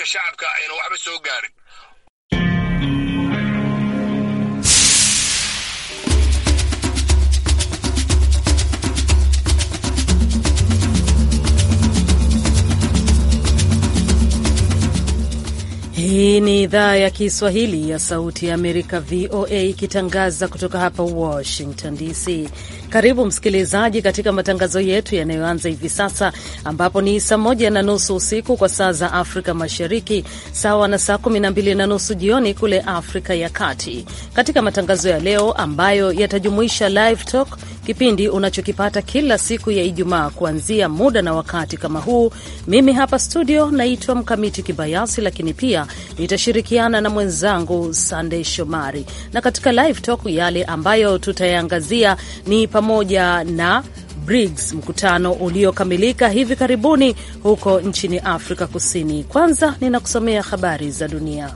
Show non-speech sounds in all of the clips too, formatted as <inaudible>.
dadka shacabka ayna waxba soo gaarin. Hii ni idhaa ya Kiswahili ya Sauti ya Amerika, VOA, ikitangaza kutoka hapa Washington DC. Karibu msikilizaji katika matangazo yetu yanayoanza hivi sasa, ambapo ni saa moja na nusu usiku kwa saa za Afrika Mashariki, sawa na saa kumi na mbili na nusu jioni kule Afrika ya Kati. Katika matangazo ya leo ambayo yatajumuisha live talk kipindi unachokipata kila siku ya Ijumaa kuanzia muda na wakati kama huu. Mimi hapa studio naitwa Mkamiti Kibayasi, lakini pia nitashirikiana na mwenzangu Sandey Shomari, na katika live talk yale ambayo tutayaangazia ni pamoja na BRICS, mkutano uliokamilika hivi karibuni huko nchini Afrika Kusini. Kwanza ninakusomea habari za dunia.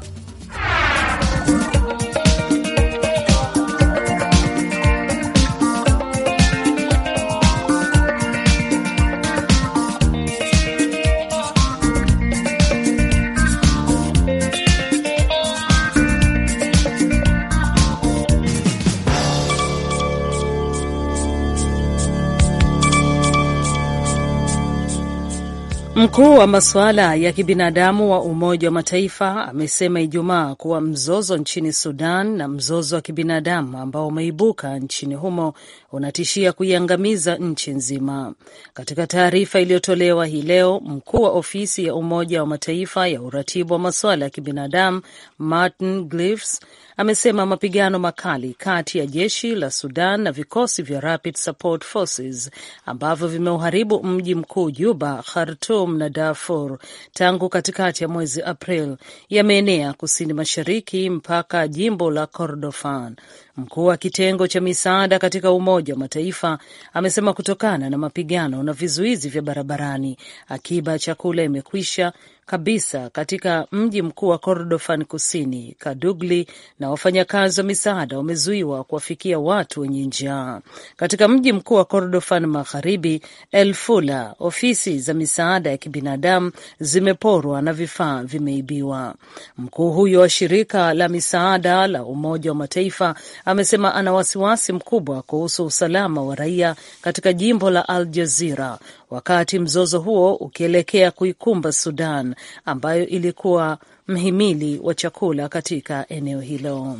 Mkuu wa masuala ya kibinadamu wa Umoja wa Mataifa amesema Ijumaa kuwa mzozo nchini Sudan na mzozo wa kibinadamu ambao umeibuka nchini humo unatishia kuiangamiza nchi nzima. Katika taarifa iliyotolewa hii leo, mkuu wa ofisi ya Umoja wa Mataifa ya uratibu wa masuala ya kibinadamu Martin Griffiths amesema mapigano makali kati ya jeshi la Sudan na vikosi vya Rapid Support Forces ambavyo vimeuharibu mji mkuu Juba, Khartum na Darfur tangu katikati ya mwezi April yameenea kusini mashariki mpaka jimbo la Kordofan. Mkuu wa kitengo cha misaada katika Umoja wa Mataifa amesema kutokana na mapigano na vizuizi vya barabarani, akiba ya chakula imekwisha kabisa katika mji mkuu wa Kordofan Kusini, Kadugli, na wafanyakazi wa misaada wamezuiwa kuwafikia watu wenye njaa. Katika mji mkuu wa Kordofan Magharibi, El Fula, ofisi za misaada ya kibinadamu zimeporwa na vifaa vimeibiwa. Mkuu huyo wa shirika la misaada la Umoja wa Mataifa amesema ana wasiwasi mkubwa kuhusu usalama wa raia katika jimbo la Al Jazira wakati mzozo huo ukielekea kuikumba Sudan ambayo ilikuwa mhimili wa chakula katika eneo hilo.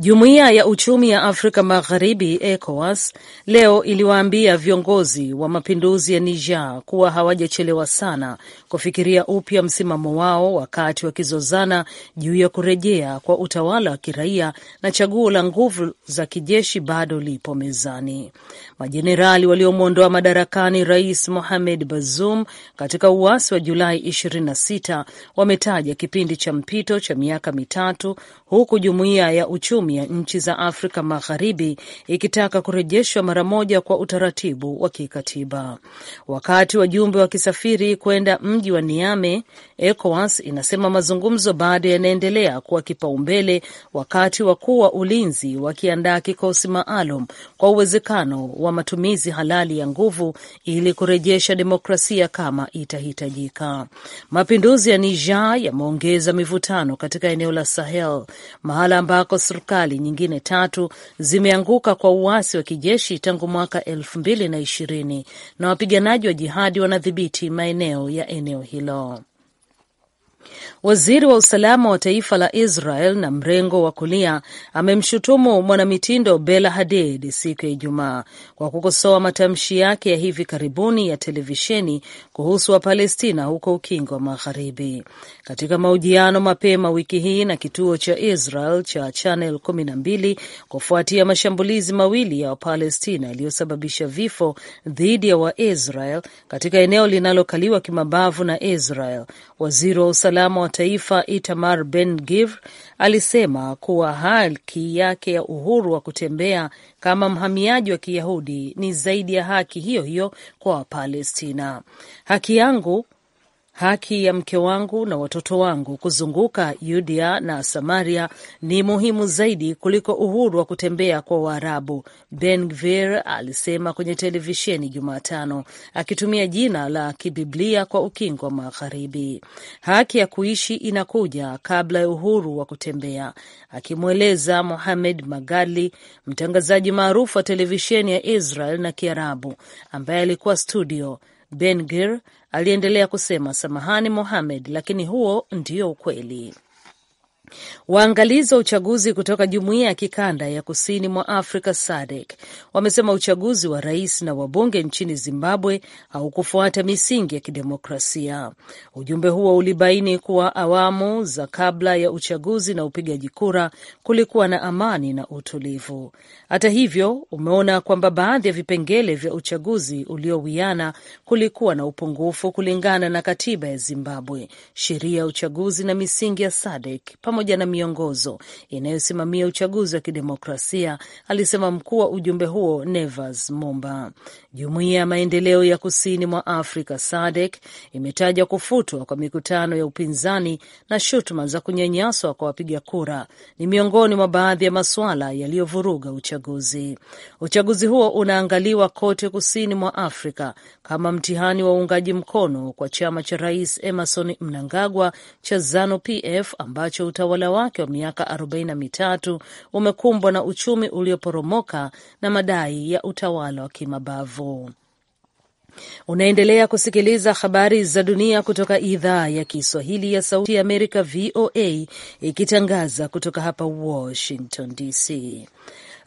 Jumuiya ya Uchumi ya Afrika Magharibi ECOWAS leo iliwaambia viongozi wa mapinduzi ya Niger kuwa hawajachelewa sana kufikiria upya msimamo wao wakati wakizozana juu ya kurejea kwa utawala wa kiraia na chaguo la nguvu za kijeshi bado lipo mezani. Majenerali waliomwondoa madarakani Rais Mohamed Bazoum katika uasi wa Julai 26 wametaja kipindi cha mpito cha miaka mitatu huku jumuiya ya uchumi kumi ya nchi za Afrika Magharibi ikitaka kurejeshwa mara moja kwa utaratibu wa kikatiba. Wakati wajumbe wakisafiri kwenda mji wa niame ECOWAS inasema mazungumzo bado yanaendelea kuwa kipaumbele, wakati wakuu wa ulinzi wakiandaa kikosi maalum kwa uwezekano wa matumizi halali ya nguvu ili kurejesha demokrasia kama itahitajika. Mapinduzi ya Niger yameongeza mivutano katika eneo la Sahel, mahala ambako serikali serikali nyingine tatu zimeanguka kwa uasi wa kijeshi tangu mwaka elfu mbili na ishirini na wapiganaji wa jihadi wanadhibiti maeneo ya eneo hilo. Waziri wa usalama wa taifa la Israel na mrengo wa kulia amemshutumu mwanamitindo Bela Hadid siku ya Ijumaa kwa kukosoa matamshi yake ya hivi karibuni ya televisheni kuhusu Wapalestina huko Ukingo wa Magharibi. Katika mahojiano mapema wiki hii na kituo cha Israel cha Channel 12 kufuatia mashambulizi mawili ya Wapalestina yaliyosababisha vifo dhidi ya Waisrael katika eneo linalokaliwa kimabavu na Israel, waziri wa usalama usalama wa taifa Itamar Ben-Gvir alisema kuwa haki yake ya uhuru wa kutembea kama mhamiaji wa Kiyahudi ni zaidi ya haki hiyo hiyo kwa Wapalestina. Haki yangu Haki ya mke wangu na watoto wangu kuzunguka Yudea na Samaria ni muhimu zaidi kuliko uhuru wa kutembea kwa Waarabu, Ben Gvir alisema kwenye televisheni Jumatano, akitumia jina la kibiblia kwa ukingo wa Magharibi. Haki ya kuishi inakuja kabla ya uhuru wa kutembea, akimweleza Mohamed Magali, mtangazaji maarufu wa televisheni ya Israel na Kiarabu ambaye alikuwa studio. Ben Gvir Aliendelea kusema samahani Mohamed, lakini huo ndio ukweli. Waangalizi wa uchaguzi kutoka jumuiya ya kikanda ya kusini mwa Afrika SADC wamesema uchaguzi wa rais na wabunge nchini Zimbabwe haukufuata misingi ya kidemokrasia. Ujumbe huo ulibaini kuwa awamu za kabla ya uchaguzi na upigaji kura kulikuwa na amani na utulivu. Hata hivyo, umeona kwamba baadhi ya vipengele vya uchaguzi uliowiana kulikuwa na upungufu kulingana na katiba ya Zimbabwe, sheria ya uchaguzi na misingi ya SADC pamoja na miongozo inayosimamia uchaguzi wa kidemokrasia, alisema mkuu wa ujumbe huo Nevas Momba. Jumuiya ya maendeleo ya kusini mwa Afrika SADC imetaja kufutwa kwa mikutano ya upinzani na shutuma za kunyanyaswa kwa wapiga kura ni miongoni mwa baadhi ya masuala yaliyovuruga uchaguzi. Uchaguzi huo unaangaliwa kote kusini mwa Afrika kama mtihani wa uungaji mkono kwa chama cha rais Emerson Mnangagwa cha ZANU PF ambacho uta utawala wake wa miaka 43 na umekumbwa na uchumi ulioporomoka na madai ya utawala wa kimabavu. Unaendelea kusikiliza habari za dunia kutoka idhaa ya Kiswahili ya Sauti ya Amerika, VOA, ikitangaza kutoka hapa Washington DC.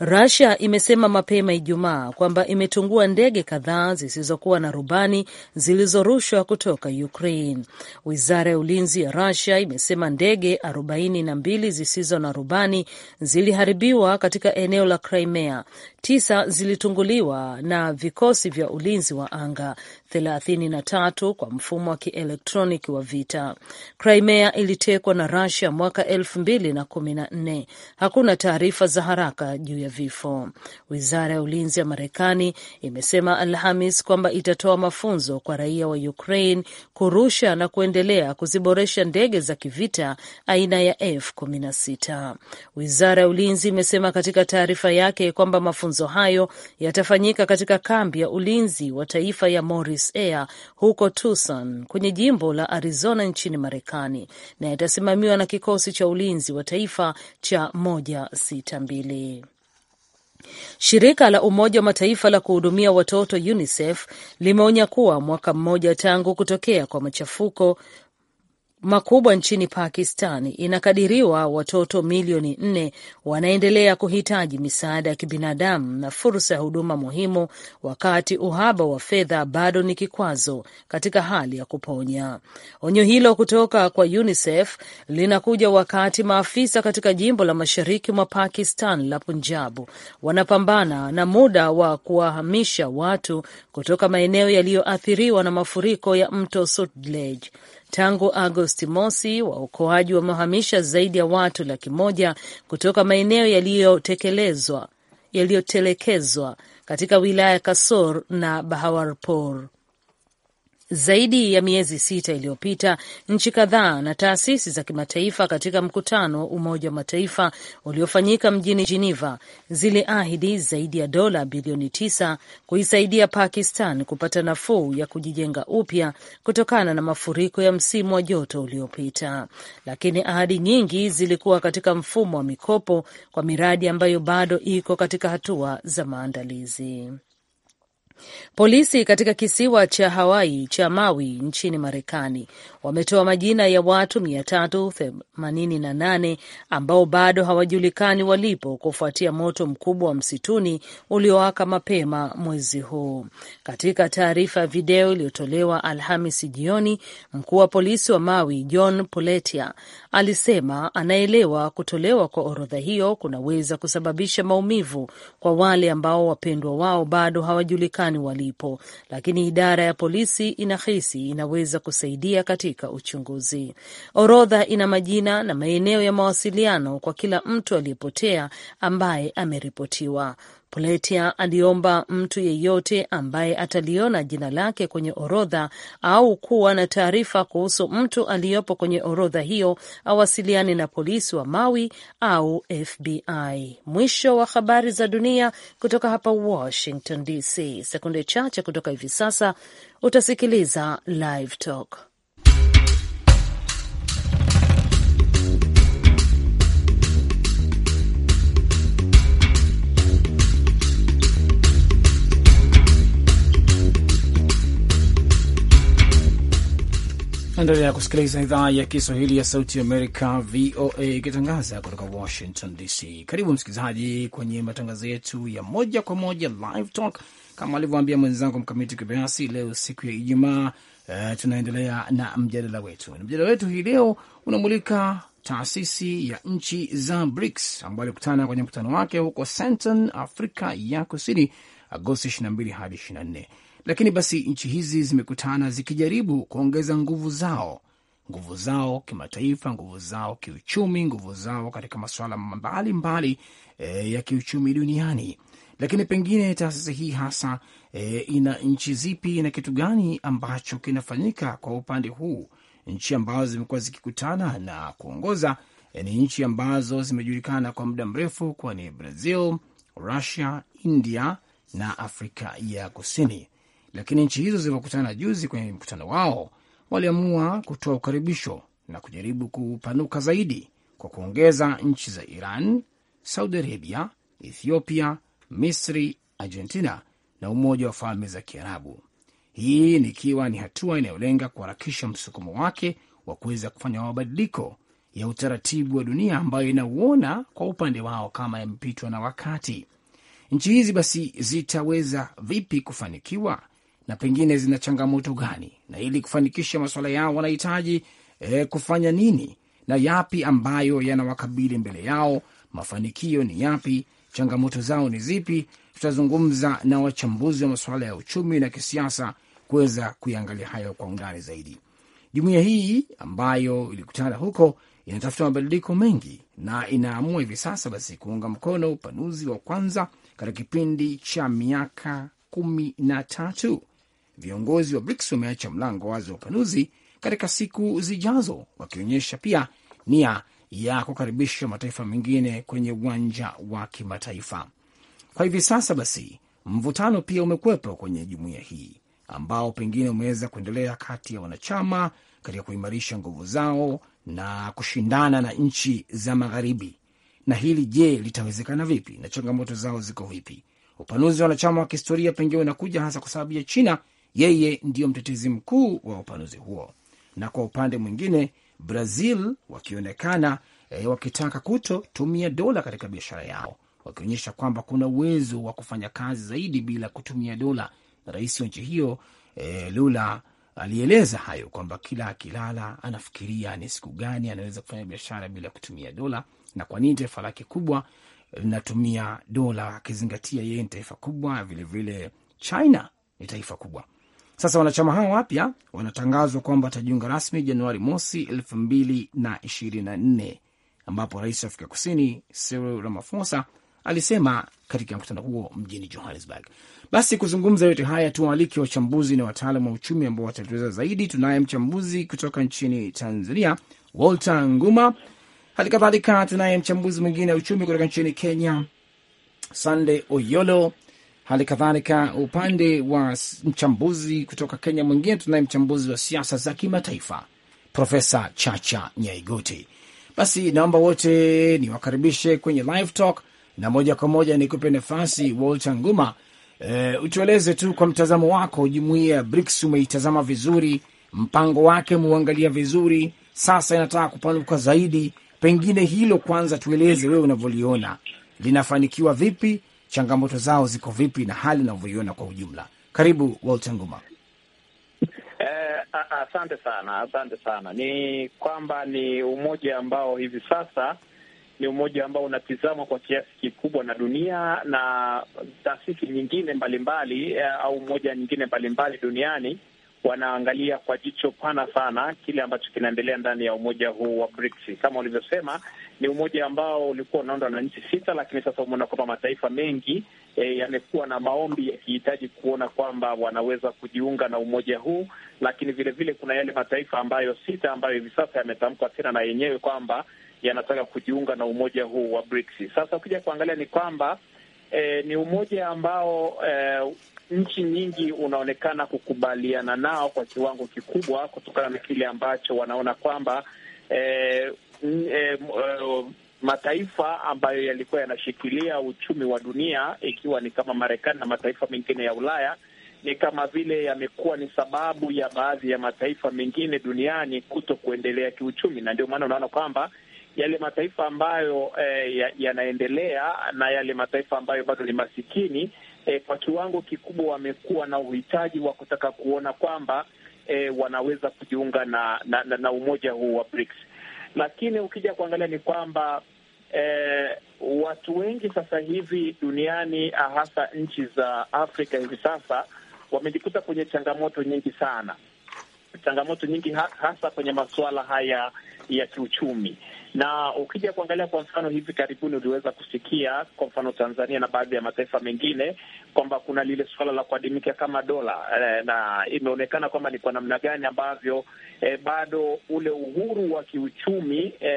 Russia imesema mapema Ijumaa kwamba imetungua ndege kadhaa zisizokuwa na rubani zilizorushwa kutoka Ukraine. Wizara ya ulinzi ya Russia imesema ndege arobaini na mbili zisizo na rubani ziliharibiwa katika eneo la Crimea tisa zilitunguliwa na vikosi vya ulinzi wa anga, thelathini na tatu kwa mfumo wa kielektroniki wa vita. Crimea ilitekwa na Russia mwaka elfu mbili na kumi na nne. Hakuna taarifa za haraka juu ya vifo. Wizara ya ulinzi ya Marekani imesema Alhamis kwamba itatoa mafunzo kwa raia wa Ukraine kurusha na kuendelea kuziboresha ndege za kivita aina ya F-16. Wizara ya ulinzi imesema katika taarifa yake kwamba mafunzo hayo yatafanyika katika kambi ya ulinzi wa taifa ya Morris Air huko Tucson kwenye jimbo la Arizona nchini Marekani, na yatasimamiwa na kikosi cha ulinzi wa taifa cha 162. Shirika la Umoja wa Mataifa la kuhudumia watoto UNICEF limeonya kuwa mwaka mmoja tangu kutokea kwa machafuko makubwa nchini Pakistan, inakadiriwa watoto milioni nne wanaendelea kuhitaji misaada ya kibinadamu na fursa ya huduma muhimu, wakati uhaba wa fedha bado ni kikwazo katika hali ya kuponya. Onyo hilo kutoka kwa UNICEF linakuja wakati maafisa katika jimbo la mashariki mwa Pakistan la Punjabu wanapambana na muda wa kuwahamisha watu kutoka maeneo yaliyoathiriwa na mafuriko ya mto Sutlej. Tangu Agosti mosi, waokoaji wamehamisha zaidi ya watu laki moja kutoka maeneo yaliyotelekezwa katika wilaya ya Kasor na bahawarpor zaidi ya miezi sita iliyopita, nchi kadhaa na taasisi za kimataifa katika mkutano wa Umoja wa Mataifa uliofanyika mjini Geneva ziliahidi zaidi ya dola bilioni tisa kuisaidia Pakistan kupata nafuu ya kujijenga upya kutokana na mafuriko ya msimu wa joto uliopita, lakini ahadi nyingi zilikuwa katika mfumo wa mikopo kwa miradi ambayo bado iko katika hatua za maandalizi. Polisi katika kisiwa cha Hawaii cha Maui nchini Marekani wametoa majina ya watu 388 ambao bado hawajulikani walipo kufuatia moto mkubwa wa msituni uliowaka mapema mwezi huu. Katika taarifa ya video iliyotolewa Alhamisi jioni, mkuu wa polisi wa Maui John Poletia alisema anaelewa kutolewa kwa orodha hiyo kunaweza kusababisha maumivu kwa wale ambao wapendwa wao bado hawajulikani walipo, lakini idara ya polisi inahisi inaweza kusaidia katika uchunguzi. Orodha ina majina na maeneo ya mawasiliano kwa kila mtu aliyepotea ambaye ameripotiwa. Pletia aliomba mtu yeyote ambaye ataliona jina lake kwenye orodha au kuwa na taarifa kuhusu mtu aliyopo kwenye orodha hiyo awasiliane na polisi wa Mawi au FBI. Mwisho wa habari za dunia kutoka hapa Washington DC. Sekunde chache kutoka hivi sasa utasikiliza Live Talk. Naendelea kusikiliza idhaa ya Kiswahili ya Sauti ya Amerika, VOA, ikitangaza kutoka Washington DC. Karibu msikilizaji kwenye matangazo yetu ya moja kwa moja Live Talk. Kama alivyoambia mwenzangu Mkamiti Kibayasi, leo siku ya Ijumaa, uh, tunaendelea na mjadala wetu, na mjadala wetu hii leo unamulika taasisi ya nchi za BRICS ambayo alikutana kwenye mkutano wake huko Sandton, Afrika ya Kusini, Agosti 22 hadi 24 lakini basi nchi hizi zimekutana zikijaribu kuongeza nguvu zao, nguvu zao kimataifa, nguvu zao kiuchumi, nguvu zao katika masuala mbalimbali e, ya kiuchumi duniani. Lakini pengine taasisi hii hasa e, ina nchi zipi na kitu gani ambacho kinafanyika kwa upande huu? Nchi ambazo zimekuwa zikikutana na kuongoza e, ni nchi ambazo zimejulikana kwa muda mrefu kuwa ni Brazil, Russia, India na Afrika ya Kusini lakini nchi hizo zilivyokutana juzi kwenye mkutano wao waliamua kutoa ukaribisho na kujaribu kupanuka zaidi kwa kuongeza nchi za Iran, Saudi Arabia, Ethiopia, Misri, Argentina na Umoja wa Falme za Kiarabu. Hii nikiwa ni hatua inayolenga kuharakisha msukumo wake wa kuweza kufanya mabadiliko ya utaratibu wa dunia ambayo inauona kwa upande wao kama yamepitwa na wakati. Nchi hizi basi zitaweza vipi kufanikiwa na pengine zina changamoto gani, na ili kufanikisha masuala yao wanahitaji e, kufanya nini na yapi ambayo yanawakabili mbele yao, mafanikio ni yapi, changamoto zao ni zipi? Tutazungumza na wachambuzi wa masuala ya uchumi na kisiasa kuweza kuiangalia hayo kwa undani zaidi. Jumuiya hii ambayo ilikutana huko inatafuta mabadiliko mengi na inaamua hivi sasa basi kuunga mkono upanuzi wa kwanza katika kipindi cha miaka kumi na tatu viongozi wa BRICS wameacha mlango wazi wa upanuzi katika siku zijazo, wakionyesha pia nia ya kukaribisha mataifa mengine kwenye uwanja wa kimataifa. Kwa hivi sasa basi, mvutano pia umekwepo kwenye jumuiya hii ambao pengine umeweza kuendelea kati ya wanachama katika kuimarisha nguvu zao na kushindana na nchi za magharibi. Na hili je, litawezekana vipi? Na changamoto zao ziko vipi? Upanuzi wa wanachama wa kihistoria pengine unakuja hasa kwa sababu ya China yeye ndiyo mtetezi mkuu wa upanuzi huo, na kwa upande mwingine Brazil wakionekana e, wakitaka kutotumia dola katika biashara yao, wakionyesha kwamba kuna uwezo wa kufanya kazi zaidi bila kutumia dola. Na rais wa nchi hiyo e, Lula alieleza hayo kwamba kila akilala anafikiria ni siku gani anaweza kufanya biashara bila kutumia dola, na kwa nini taifa lake kubwa linatumia dola, akizingatia yeye ni taifa kubwa vilevile. China ni taifa kubwa, sasa wanachama hao wapya wanatangazwa kwamba watajiunga rasmi Januari mosi elfu mbili na ishirini na nne ambapo rais wa Afrika Kusini Cyril Ramaphosa alisema katika mkutano huo mjini Johannesburg. Basi kuzungumza yote haya, tuwaalike wachambuzi na wataalam wa uchumi ambao watatueleza zaidi. Tunaye mchambuzi kutoka nchini Tanzania, Walter Nguma. Hali kadhalika tunaye mchambuzi mwingine wa uchumi kutoka nchini Kenya, Sande Oyolo. Hali kadhalika upande wa mchambuzi kutoka Kenya mwingine, tunaye mchambuzi wa siasa za kimataifa Profesa Chacha Nyaigoti. Basi naomba wote niwakaribishe kwenye live talk, na moja kwa moja nikupe nafasi Walter Nguma. E, utueleze tu kwa mtazamo wako, jumuia ya BRICS umeitazama vizuri, mpango wake umeuangalia vizuri, sasa inataka kupanuka zaidi. Pengine hilo kwanza tueleze wewe unavyoliona linafanikiwa vipi, changamoto zao ziko vipi na hali inavyoiona kwa ujumla. Karibu Walter Nguma. Eh, asante sana, asante sana. Ni kwamba ni umoja ambao hivi sasa ni umoja ambao unatizamwa kwa kiasi kikubwa na dunia na taasisi nyingine mbalimbali mbali, eh, au umoja nyingine mbalimbali duniani wanaangalia kwa jicho pana sana kile ambacho kinaendelea ndani ya umoja huu wa BRICS. Kama ulivyosema, ni umoja ambao ulikuwa unaundwa na nchi sita, lakini sasa umeona kwamba mataifa mengi e, yamekuwa na maombi yakihitaji kuona kwamba wanaweza kujiunga na umoja huu, lakini vilevile vile kuna yale mataifa ambayo sita ambayo hivi sasa yametamkwa tena na yenyewe kwamba yanataka kujiunga na umoja huu wa BRICS. Sasa ukija kuangalia ni kwamba E, ni umoja ambao e, nchi nyingi unaonekana kukubaliana nao kwa kiwango kikubwa kutokana na kile ambacho wanaona kwamba eh, eh, eh, mataifa ambayo yalikuwa yanashikilia uchumi wa dunia ikiwa ni kama Marekani na mataifa mengine ya Ulaya ni kama vile yamekuwa ni sababu ya baadhi ya mataifa mengine duniani kuto kuendelea kiuchumi, na ndio maana unaona kwamba yale mataifa ambayo eh, yanaendelea na yale mataifa ambayo bado ni masikini e, kwa kiwango kikubwa wamekuwa na uhitaji wa kutaka kuona kwamba e, wanaweza kujiunga na, na, na, na umoja huu wa BRICS. Lakini ukija kuangalia ni kwamba e, watu wengi sasa hivi duniani hasa nchi za Afrika hivi sasa wamejikuta kwenye changamoto nyingi sana changamoto nyingi, hasa kwenye masuala haya ya kiuchumi. Na ukija kuangalia kwa mfano, hivi karibuni uliweza kusikia kwa mfano Tanzania na baadhi ya mataifa mengine kwamba kuna lile suala la kuadimika kama dola e, na imeonekana kwamba ni kwa namna gani ambavyo e, bado ule uhuru wa kiuchumi e,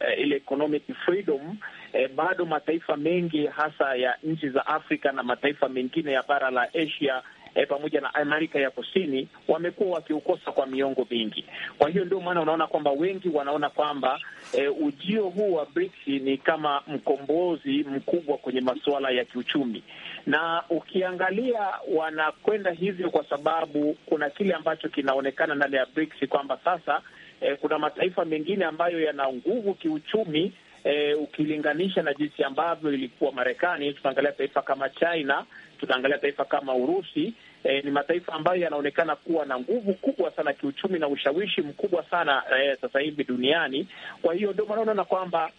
e, ile economic freedom e, bado mataifa mengi hasa ya nchi za Afrika na mataifa mengine ya bara la Asia e, pamoja na Amerika ya Kusini wamekuwa wakiukosa kwa miongo mingi. Kwa hiyo ndio maana unaona kwamba wengi wanaona kwamba e, ujio huu wa BRICS ni kama mkombozi mkubwa kwenye masuala ya kiuchumi, na ukiangalia wanakwenda hivyo kwa sababu kuna kile ambacho kinaonekana ndani ya BRICS kwamba sasa e, kuna mataifa mengine ambayo yana nguvu kiuchumi. E, ukilinganisha na jinsi ambavyo ilikuwa Marekani, tunaangalia taifa kama China, tunaangalia taifa kama Urusi eh, ni mataifa ambayo yanaonekana kuwa na nguvu kubwa sana kiuchumi na ushawishi mkubwa sana eh, sasa hivi duniani. Kwa hiyo ndio maana unaona kwamba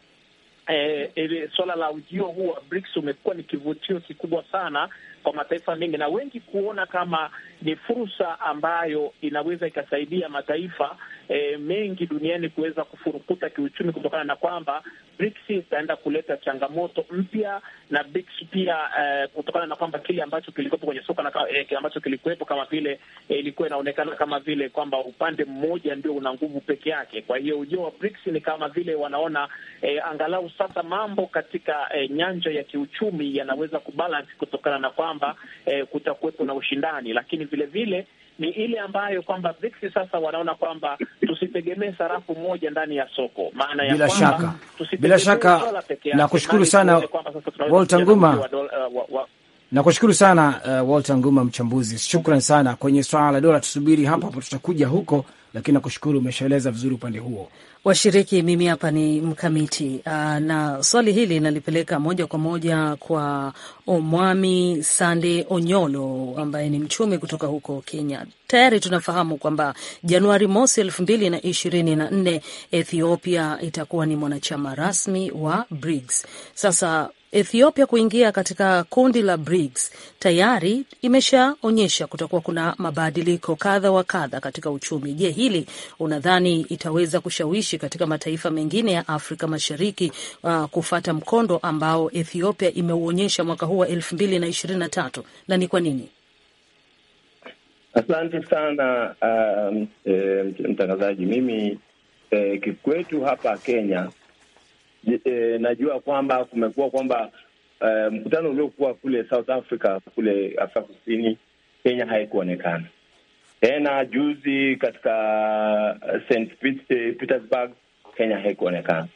eh, eh, suala la ujio huu wa BRICS umekuwa ni kivutio kikubwa sana kwa mataifa mengi na wengi kuona kama ni fursa ambayo inaweza ikasaidia mataifa eh, mengi duniani kuweza kufurukuta kiuchumi, kutokana na kwamba BRICS itaenda kuleta changamoto mpya na BRICS pia eh, kutokana na kwamba kile ambacho kilikuwepo kwenye soka na eh, ambacho kilikuwepo kama vile eh, ilikuwa inaonekana kama vile kwamba upande mmoja ndio una nguvu peke yake. Kwa hiyo ujio wa BRICS ni kama vile wanaona eh, angalau sasa mambo katika eh, nyanja ya kiuchumi yanaweza kubalance kutokana na kwamba eh, kutakuwepo na ushindani, lakini vilevile ni ile ambayo kwamba VIX sasa wanaona kwamba tusitegemee sarafu moja ndani ya soko, maana ya bila shaka, bila shaka nakushukuru sana Walter Nguma. Nakushukuru sana uh, Walter Nguma, mchambuzi. Shukran sana. Kwenye swala la dola tusubiri hapo hapo, tutakuja huko lakini nakushukuru, umeshaeleza vizuri upande huo. Washiriki, mimi hapa ni mkamiti aa, ah, na swali hili nalipeleka moja kwa moja kwa Omwami Sande Onyolo ambaye ni mchumi kutoka huko Kenya. Tayari tunafahamu kwamba Januari mosi elfu mbili na ishirini na nne Ethiopia itakuwa ni mwanachama rasmi wa BRICS. Sasa Ethiopia kuingia katika kundi la BRICS tayari imeshaonyesha kutakuwa kuna mabadiliko kadha wa kadha katika uchumi. Je, hili unadhani itaweza kushawishi katika mataifa mengine ya Afrika Mashariki uh, kufata mkondo ambao Ethiopia imeuonyesha mwaka huu wa elfu mbili na ishirini na tatu na ni kwa nini? Asante sana um, e, mtangazaji. Mimi e, kikwetu hapa Kenya e, najua kwamba kumekuwa kwamba e, mkutano uliokuwa kule South Africa kule Afrika Kusini, Kenya haikuonekana tena. Juzi katika e, St e, Petersburg, Kenya haikuonekana.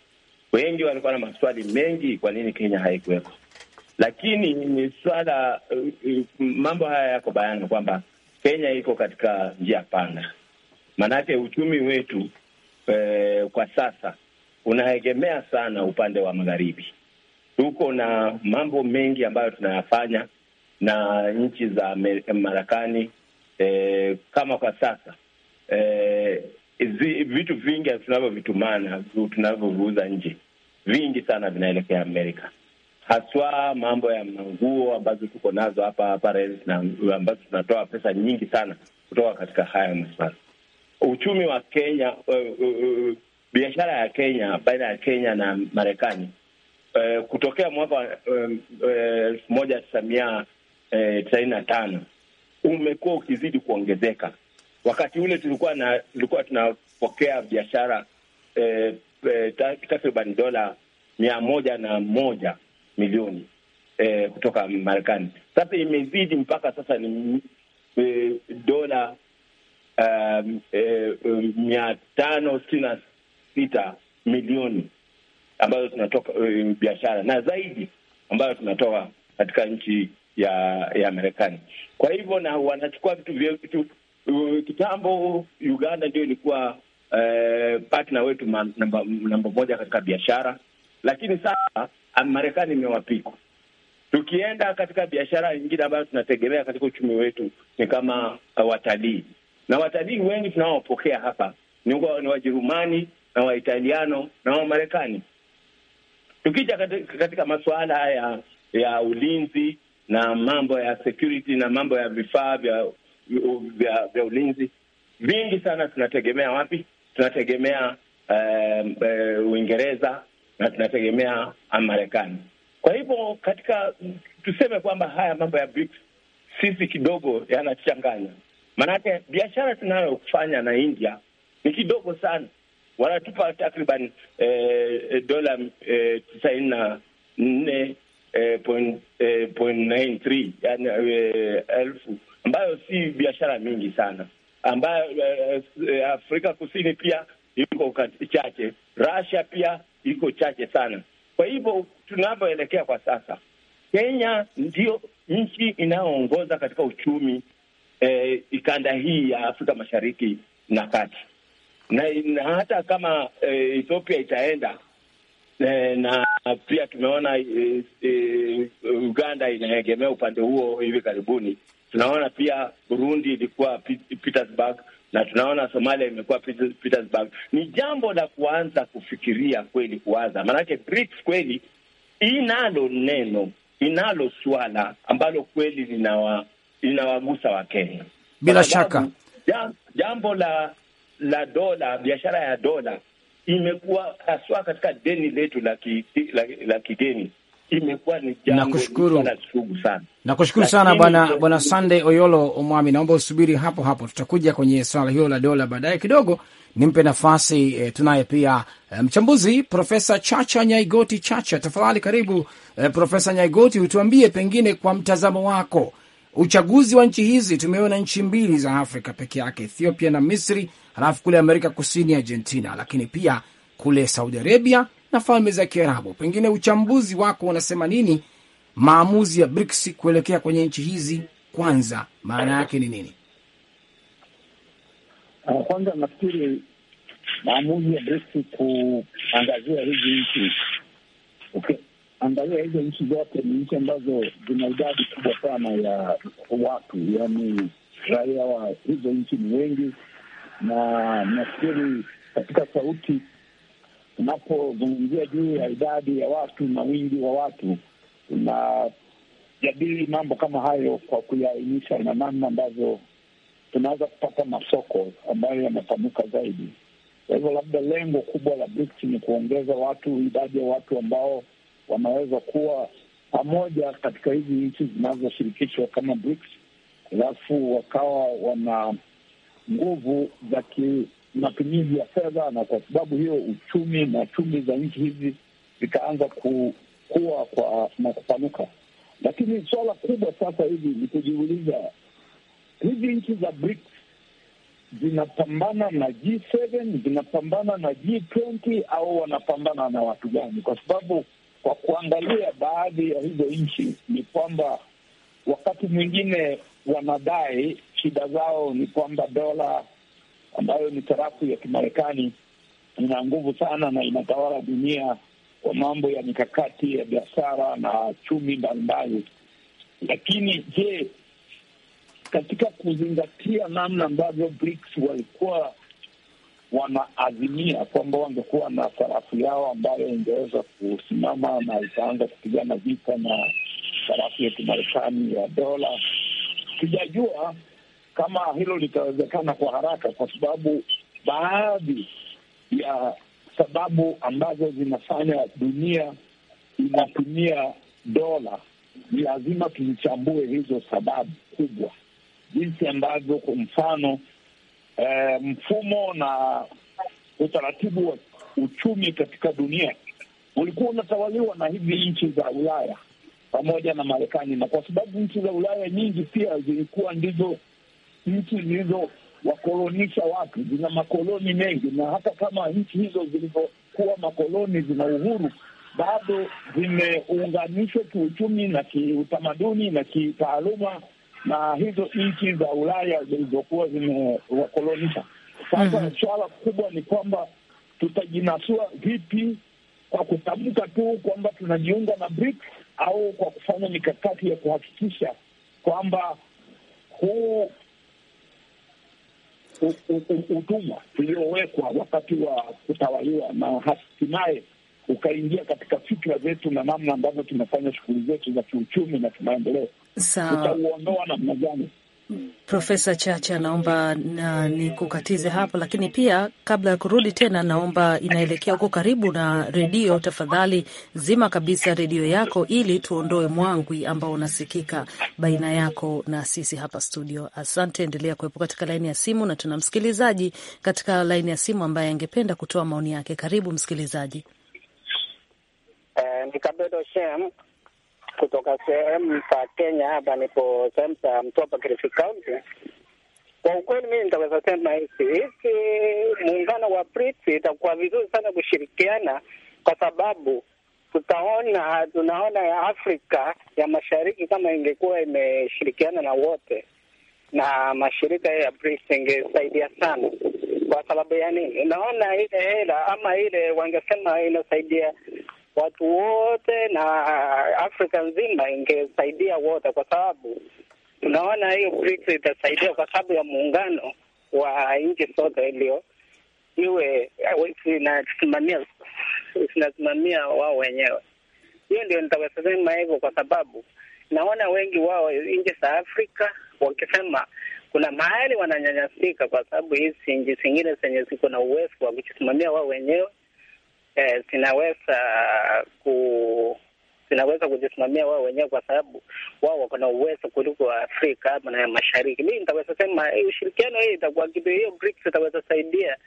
Wengi walikuwa na maswali mengi, kwa nini Kenya haikuweko? Lakini ni swala e, mambo haya yako bayana kwamba Kenya iko katika njia panda, maanake uchumi wetu e, kwa sasa unaegemea sana upande wa magharibi. Tuko na mambo mengi ambayo tunayafanya na nchi za Marekani eh, kama kwa sasa eh, zi, vitu vingi tunavyovitumana tunavyoviuza nje vingi sana vinaelekea Amerika, haswa mambo ya manguo ambazo tuko nazo hapa hapa na ambazo tunatoa pesa nyingi sana kutoka katika haya masuala. Uchumi wa Kenya uh, uh, uh, biashara ya Kenya baina ya Kenya na Marekani e, kutokea mwaka wa eh, elfu moja tisa mia eh, tisaini na tano umekuwa ukizidi kuongezeka. Wakati ule tulikuwa na tulikuwa tunapokea biashara e, e, takriban dola mia moja na moja milioni e, kutoka Marekani. Sasa imezidi mpaka sasa ni e, dola um, e, mia tano sitini na sita milioni ambazo tunatoka uh, eh, biashara na zaidi ambayo tunatoka katika nchi ya ya Marekani. Kwa hivyo na wanachukua vitu vyetu. Uh, eh, kitambo Uganda ndio ilikuwa uh, partner wetu namba, namba moja katika biashara, lakini sasa ah, Marekani imewapikwa. Tukienda katika biashara nyingine ambayo tunategemea katika uchumi wetu ni kama uh, watalii na watalii wengi tunaowapokea hapa ni Wajerumani na Waitaliano na Wamarekani. Tukija katika, katika masuala ya ya ulinzi na mambo ya security na mambo ya vifaa vya, vya, vya ulinzi vingi sana tunategemea wapi? Tunategemea um, uh, Uingereza na tunategemea Marekani. Kwa hivyo katika tuseme kwamba haya mambo ya BRICS sisi kidogo yanachanganya, maanake biashara tunayofanya na India ni kidogo sana wanatupa takriban eh, dola eh, tisaini na nne eh, point, eh, point nine three yani eh, elfu ambayo si biashara mingi sana ambayo eh, Afrika Kusini pia iko chache, Russia pia iko chache sana. Kwa hivyo tunavyoelekea kwa sasa, Kenya ndio nchi inayoongoza katika uchumi eh, ikanda hii ya Afrika Mashariki na Kati na, na hata kama e, Ethiopia itaenda e, na pia tumeona e, e, Uganda inaegemea upande huo hivi karibuni. Tunaona pia Burundi ilikuwa Petersburg na tunaona Somalia imekuwa Petersburg. Ni jambo la kuanza kufikiria kweli, kuwaza, maanake BRICS kweli inalo neno, inalo swala ambalo kweli linawagusa Wakenya bila shaka. Jambo la la dola, biashara ya dola imekuwa haswa katika deni letu la la kigeni imekuwa ni jambo sugu sana. kushukuru sana bwana bwana Sunday Oyolo Omwami, naomba usubiri hapo hapo, tutakuja kwenye swala hilo la dola baadaye kidogo. Nimpe nafasi eh, tunaye pia eh, mchambuzi Profesa Chacha Nyaigoti Chacha. Tafadhali karibu eh, Profesa Nyaigoti, utuambie pengine kwa mtazamo wako uchaguzi wa nchi hizi. Tumeona nchi mbili za Afrika peke yake, Ethiopia na Misri, halafu kule Amerika Kusini, Argentina, lakini pia kule Saudi Arabia na Falme za Kiarabu. Pengine uchambuzi wako unasema nini maamuzi ya BRICS kuelekea kwenye nchi hizi? Kwanza maana yake ni nini? Ah, kwanza nafikiri maamuzi ya BRICS kuangazia hizi nchi okay angalia hizo nchi zote ni nchi ambazo zina idadi kubwa sana ya watu, yaani raia wa hizo nchi ni wengi, na nafikiri katika sauti unapozungumzia juu ya idadi ya watu na wingi wa watu, unajadili mambo kama hayo kwa kuyaainisha na namna ambavyo tunaweza kupata masoko ambayo yamepanuka zaidi. Kwa hivyo, labda lengo kubwa la BRICS ni kuongeza watu, idadi ya watu ambao wanaweza kuwa pamoja katika hizi nchi zinazoshirikishwa kama BRICS, wakawa wana nguvu za kimatumizi ya fedha, na kwa sababu hiyo uchumi na chumi za nchi hizi zikaanza kukua kwa na kupanuka. Lakini suala kubwa sasa hivi ni kujiuliza hizi nchi za BRICS zinapambana na G7, zinapambana na G20 au wanapambana na watu gani? Kwa sababu kwa kuangalia baadhi ya hizo nchi ni kwamba wakati mwingine wanadai shida zao ni kwamba dola ambayo ni sarafu ya Kimarekani ina nguvu sana na inatawala dunia kwa mambo ya mikakati ya biashara na chumi mbalimbali. Lakini je, katika kuzingatia namna ambavyo BRICS walikuwa wanaazimia kwamba wangekuwa na sarafu yao ambayo ingeweza kusimama na itaanza kupigana vita na sarafu yetu Marekani ya dola. Sijajua kama hilo litawezekana kwa haraka, kwa sababu baadhi ya sababu ambazo zinafanya dunia inatumia dola ni lazima tuzichambue hizo sababu kubwa, jinsi ambavyo kwa mfano Eh, mfumo na utaratibu wa uchumi katika dunia ulikuwa unatawaliwa na hizi nchi za Ulaya pamoja na Marekani, na kwa sababu nchi za Ulaya nyingi pia zilikuwa ndizo nchi zilizowakolonisha watu, zina makoloni mengi, na hata kama nchi hizo zilivyokuwa makoloni zina uhuru bado zimeunganishwa kiuchumi na kiutamaduni na kitaaluma na hizo nchi za Ulaya zilizokuwa zimewakolonisha. Sasa mm -hmm. Swala kubwa ni kwamba tutajinasua vipi, kwa kutamka tu kwamba tunajiunga na BRICS au kwa kufanya mikakati ya kuhakikisha kwamba huu utumwa uliowekwa wakati wa kutawaliwa na hatimaye ukaingia katika fikra zetu na namna ambavyo tunafanya shughuli zetu za kiuchumi na kimaendeleo. Sawa. Utauondoa namna gani? Profesa Chacha, naomba na nikukatize hapo, lakini pia kabla ya kurudi tena, naomba inaelekea huko karibu na redio, tafadhali zima kabisa redio yako ili tuondoe mwangwi ambao unasikika baina yako na sisi hapa studio. Asante, endelea kuwepo katika laini ya simu, na tuna msikilizaji katika laini ya simu ambaye angependa kutoa maoni yake. Karibu msikilizaji. Eh, ni Kabedo Shem kutoka sehemu za Kenya. Hapa nipo sehemu za Mtopa, Kilifi County. Kwa ukweli, mimi nitaweza sema hisi hisi muungano wa BRICS itakuwa vizuri sana kushirikiana, kwa sababu tutaona tunaona ya Afrika ya Mashariki kama ingekuwa imeshirikiana na wote na mashirika ya BRICS ingesaidia sana kwa sababu ya nini unaona ile hela ama ile wangesema inasaidia watu wote na Afrika nzima ingesaidia wote, kwa sababu tunaona hiyo BRICS itasaidia kwa sababu ya muungano wa nchi zote iliyo iwe uh, inasimamia zinasimamia wao wenyewe. Hiyo ndio nitawasema hivyo, kwa sababu naona wengi wao nchi za Afrika wakisema kuna mahali wananyanyasika, kwa sababu hizi nchi zingine zenye ziko na uwezo wa kujisimamia wao wenyewe eh, zinaweza ku zinaweza kujisimamia wao wenyewe kwa sababu wao wako na uwezo kuliko Afrika na Mashariki. mi nitaweza sema hey, eh, ushirikiano hii itakuwa kitu hiyo, BRICS itaweza saidia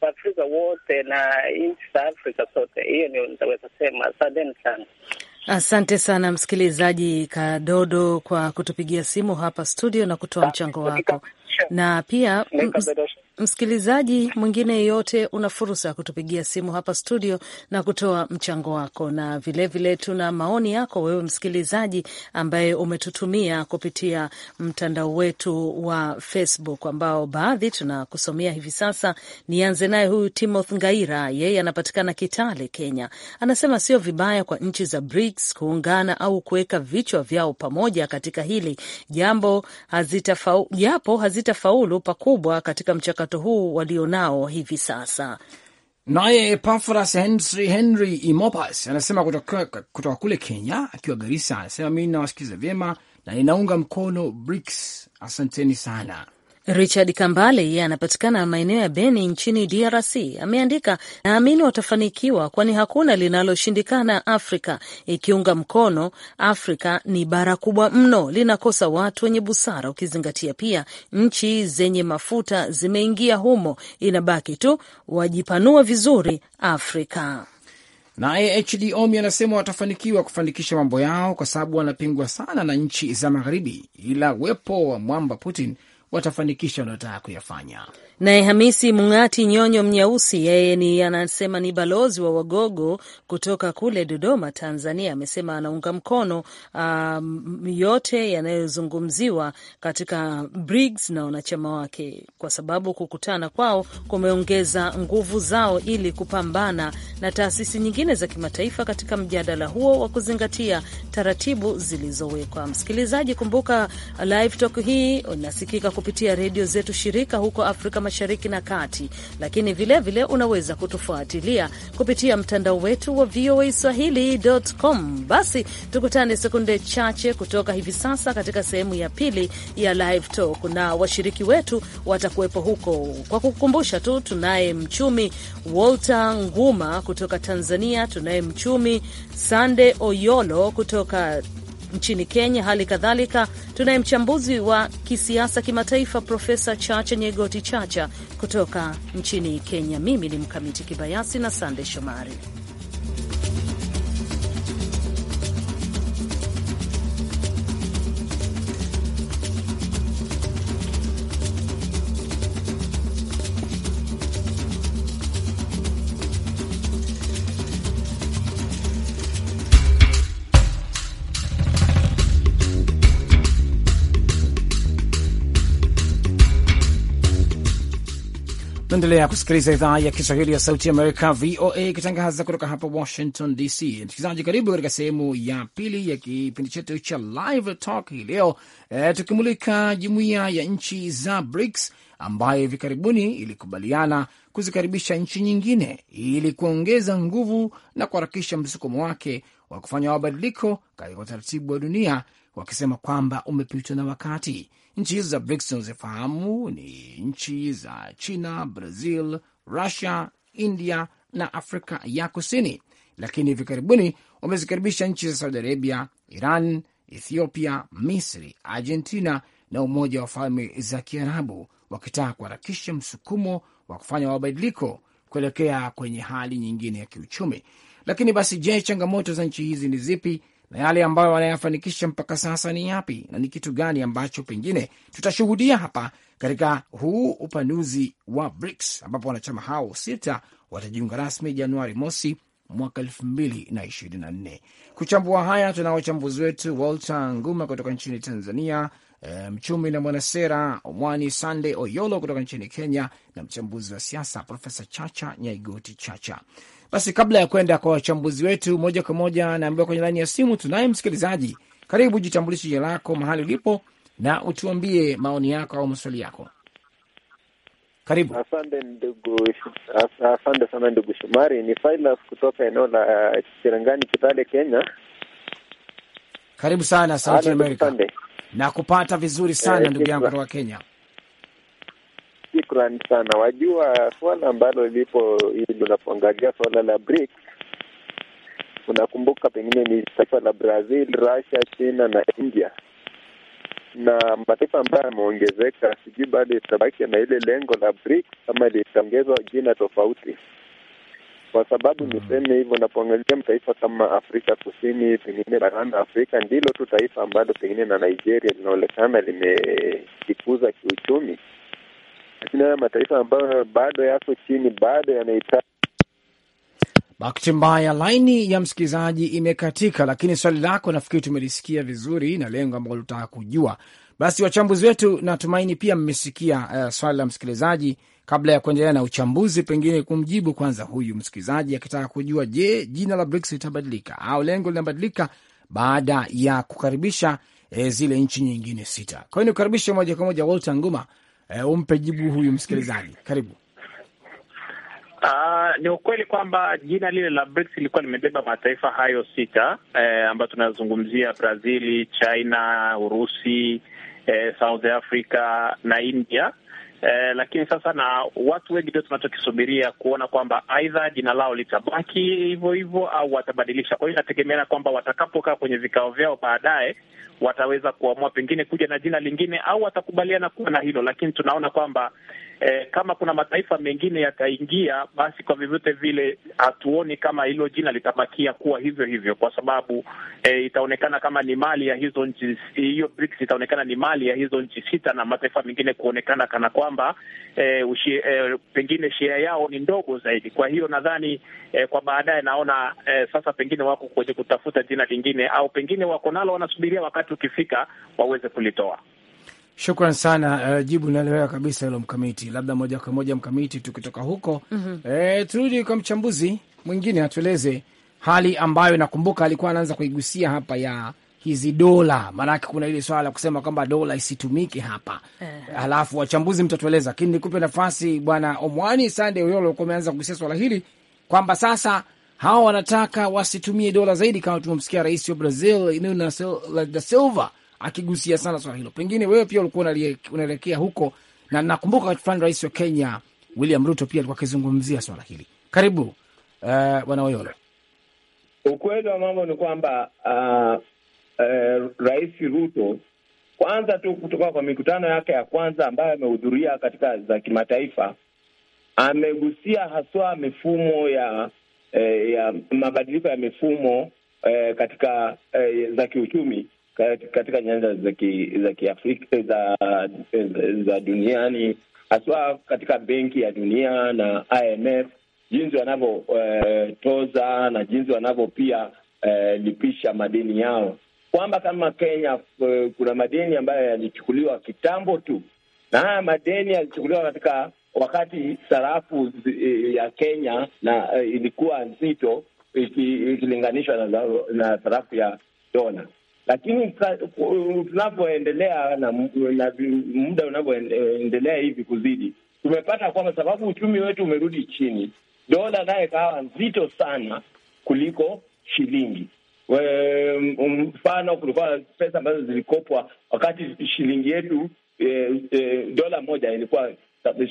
Waafrika wote na nchi za Afrika zote. Hiyo ndio nitaweza sema. Asanteni sana. Asante sana msikilizaji Kadodo kwa kutupigia simu hapa studio na kutoa mchango wako na pia Msikilizaji mwingine yeyote, una fursa ya kutupigia simu hapa studio na kutoa mchango wako, na vilevile vile tuna maoni yako wewe msikilizaji ambaye umetutumia kupitia mtandao wetu wa Facebook ambao baadhi tunakusomea hivi sasa. Nianze naye huyu timoth Ngaira, yeye anapatikana Kitale, Kenya. Anasema sio vibaya kwa nchi za BRICS kuungana au kuweka vichwa vyao pamoja katika hili jambo, japo hazitafaulu pakubwa katika mchakato mchakato huu walionao hivi sasa. Naye Epafras Henry, Henry Imopas anasema kutoka, kutoka kule Kenya akiwa Garisa, anasema mi nawasikiza vyema na ninaunga mkono BRICS. Asanteni sana. Richard Kambale, yeye anapatikana maeneo ya Beni nchini DRC, ameandika naamini watafanikiwa, kwani hakuna linaloshindikana Afrika ikiunga mkono. Afrika ni bara kubwa mno, linakosa watu wenye busara, ukizingatia pia nchi zenye mafuta zimeingia humo. Inabaki tu wajipanua vizuri Afrika. Naye HD Omi anasema watafanikiwa kufanikisha mambo yao kwa sababu wanapingwa sana na nchi za Magharibi, ila uwepo wa mwamba Putin watafanikisha wanaotaka kuyafanya. Naye Hamisi mngati Nyonyo Mnyeusi, yeye ni anasema ni balozi wa Wagogo kutoka kule Dodoma, Tanzania. Amesema anaunga mkono um, yote yanayozungumziwa katika BRICS na wanachama wake, kwa sababu kukutana kwao kumeongeza nguvu zao ili kupambana na taasisi nyingine za kimataifa katika mjadala huo wa kuzingatia taratibu zilizowekwa. Msikilizaji, kumbuka live talk hii unasikika kupitia redio zetu shirika huko Afrika Mashariki na Kati, lakini vilevile vile unaweza kutufuatilia kupitia mtandao wetu wa VOA Swahili.com. Basi tukutane sekunde chache kutoka hivi sasa katika sehemu ya pili ya Live Talk na washiriki wetu watakuwepo huko. Kwa kukumbusha tu, tunaye mchumi Walter Nguma kutoka Tanzania, tunaye mchumi Sande Oyolo kutoka nchini Kenya. Hali kadhalika tunaye mchambuzi wa kisiasa kimataifa Profesa Chacha Nyegoti Chacha kutoka nchini Kenya. Mimi ni Mkamiti Kibayasi na Sande Shomari. Unaendelea kusikiliza idhaa ya Kiswahili ya Sauti ya Amerika, VOA, ikitangaza kutoka hapa Washington DC. Msikilizaji, karibu katika sehemu ya pili ya kipindi chetu cha Live Talk hii leo, e, tukimulika jumuiya ya nchi za BRICS ambayo hivi karibuni ilikubaliana kuzikaribisha nchi nyingine ili kuongeza nguvu na kuharakisha msukumo wake wa kufanya mabadiliko katika utaratibu wa dunia, wakisema kwamba umepitwa na wakati. Nchi hizo za BRICS unazifahamu ni nchi za China, Brazil, Russia, India na Afrika ya Kusini, lakini hivi karibuni wamezikaribisha nchi za Saudi Arabia, Iran, Ethiopia, Misri, Argentina na Umoja wa Falme za Kiarabu, wakitaka kuharakisha msukumo wa kufanya mabadiliko kuelekea kwenye hali nyingine ya kiuchumi. Lakini basi, je, changamoto za nchi hizi ni zipi na yale ambayo wanayafanikisha mpaka sasa ni yapi, na ni kitu gani ambacho pengine tutashuhudia hapa katika huu upanuzi wa BRICS, ambapo wanachama hao sita watajiunga rasmi Januari mosi mwaka elfu mbili na ishirini na nne. Kuchambua haya tuna wachambuzi wetu Walter Nguma kutoka nchini Tanzania, e, mchumi na mwanasera Omwani Sande Oyolo kutoka nchini Kenya, na mchambuzi wa siasa Profesa Chacha Nyaigoti Chacha. Basi kabla ya kwenda kwa wachambuzi wetu moja kwa moja, naambiwa kwenye laini ya simu tunaye msikilizaji. Karibu, jitambulishe jina lako, mahali ulipo na utuambie maoni yako au maswali yako. Karibu. Asante ndugu, asante sana ndugu Shumari. Ni Silas kutoka eneo la eh, Chirangani, Kitale, Kenya. Karibu sana Sauti Amerika na kupata vizuri sana eh, ndugu yangu kutoka Kenya. Shukran sana. Wajua, suala ambalo lipo hili, unapoangalia suala la BRICS, unakumbuka pengine ni taifa la Brazil, Russia, China na India na mataifa ambayo yameongezeka. Sijui bado itabaki na ile lengo la BRICS ama litaongezwa jina tofauti, kwa sababu hmm. niseme hivyo, unapoangalia mataifa kama Afrika Kusini, pengine barani Afrika ndilo tu taifa ambalo pengine na Nigeria linaonekana limejikuza kiuchumi lakini haya mataifa ambayo bado yako chini bado yanahitaji. Bahati mbaya laini ya msikilizaji imekatika, lakini swali lako nafikiri tumelisikia vizuri na lengo ambalo tutaka kujua. Basi wachambuzi wetu, natumaini pia mmesikia uh, swali la msikilizaji. Kabla ya kuendelea na uchambuzi, pengine kumjibu kwanza huyu msikilizaji akitaka kujua, je, jina la BRICS litabadilika au lengo linabadilika baada ya kukaribisha eh, zile nchi nyingine sita? Kwa hiyo ni kukaribisha moja kwa moja Walter Nguma Eh, umpe jibu huyu msikilizaji. Karibu. Uh, ni ukweli kwamba jina lile la BRICS lilikuwa limebeba mataifa hayo sita eh, ambayo tunazungumzia Brazili, China, Urusi, eh, South Africa na India. Eh, lakini sasa na watu wengi ndio tunachokisubiria kuona kwamba aidha jina lao litabaki hivyo hivyo au watabadilisha. Kwa hiyo inategemeana kwamba watakapokaa kwenye vikao vyao baadaye wataweza kuamua pengine kuja na jina lingine au watakubaliana kuwa na hilo, lakini tunaona kwamba eh, kama kuna mataifa mengine yataingia, basi kwa vyovyote vile hatuoni kama hilo jina litabakia kuwa hivyo hivyo, kwa sababu eh, itaonekana kama ni mali ya hizo nchi, hiyo BRICS itaonekana ni mali ya hizo nchi sita, na mataifa mengine kuonekana kana kwamba eh, eh, pengine shea yao ni ndogo zaidi. Kwa hiyo nadhani eh, kwa baadaye naona eh, sasa pengine wako kwenye kutafuta jina lingine, au pengine wako nalo wanasubiria wakati ukifika waweze kulitoa. Shukran sana uh, jibu naelewewa kabisa hilo Mkamiti. Labda moja kwa moja Mkamiti, tukitoka huko mm -hmm. e, turudi kwa mchambuzi mwingine atueleze hali ambayo nakumbuka alikuwa anaanza kuigusia hapa ya hizi dola, maanake kuna ile swala la kusema kwamba dola isitumike hapa uh eh. -huh. Alafu wachambuzi mtatueleza, lakini nikupe nafasi Bwana Omwani Sande Uyolo, ulikuwa umeanza kugusia swala hili kwamba sasa hawa wanataka wasitumie dola zaidi, kama tumemsikia rais wa Brazil Lula da Silva akigusia sana swala hilo. Pengine wewe pia ulikuwa unaelekea huko, na nakumbuka fulani rais wa Kenya William Ruto pia alikuwa akizungumzia swala hili. Karibu uh, bwana Ukweli wa mambo ni kwamba uh, uh, rais Ruto kwanza tu kutoka kwa mikutano yake ya kwanza ambayo amehudhuria katika za kimataifa amegusia haswa mifumo ya eh, ya mabadiliko ya mifumo eh, katika eh, za kiuchumi katika nyanja za kiafrika za, za duniani haswa katika Benki ya Dunia na IMF jinsi wanavyotoza eh, uh, na jinsi wanavyo pia uh, lipisha madeni yao, kwamba kama Kenya uh, kuna madeni ambayo yalichukuliwa kitambo tu, na haya madeni yalichukuliwa katika wakati sarafu ya Kenya na uh, ilikuwa nzito ikilinganishwa na, na sarafu ya dola. Lakini tunavyoendelea na, na muda unavyoendelea hivi kuzidi, tumepata kwamba sababu uchumi wetu umerudi chini, dola naye kawa nzito sana kuliko shilingi. Um, mfano, kulikuwa pesa ambazo zilikopwa wakati shilingi yetu e, e, dola moja ilikuwa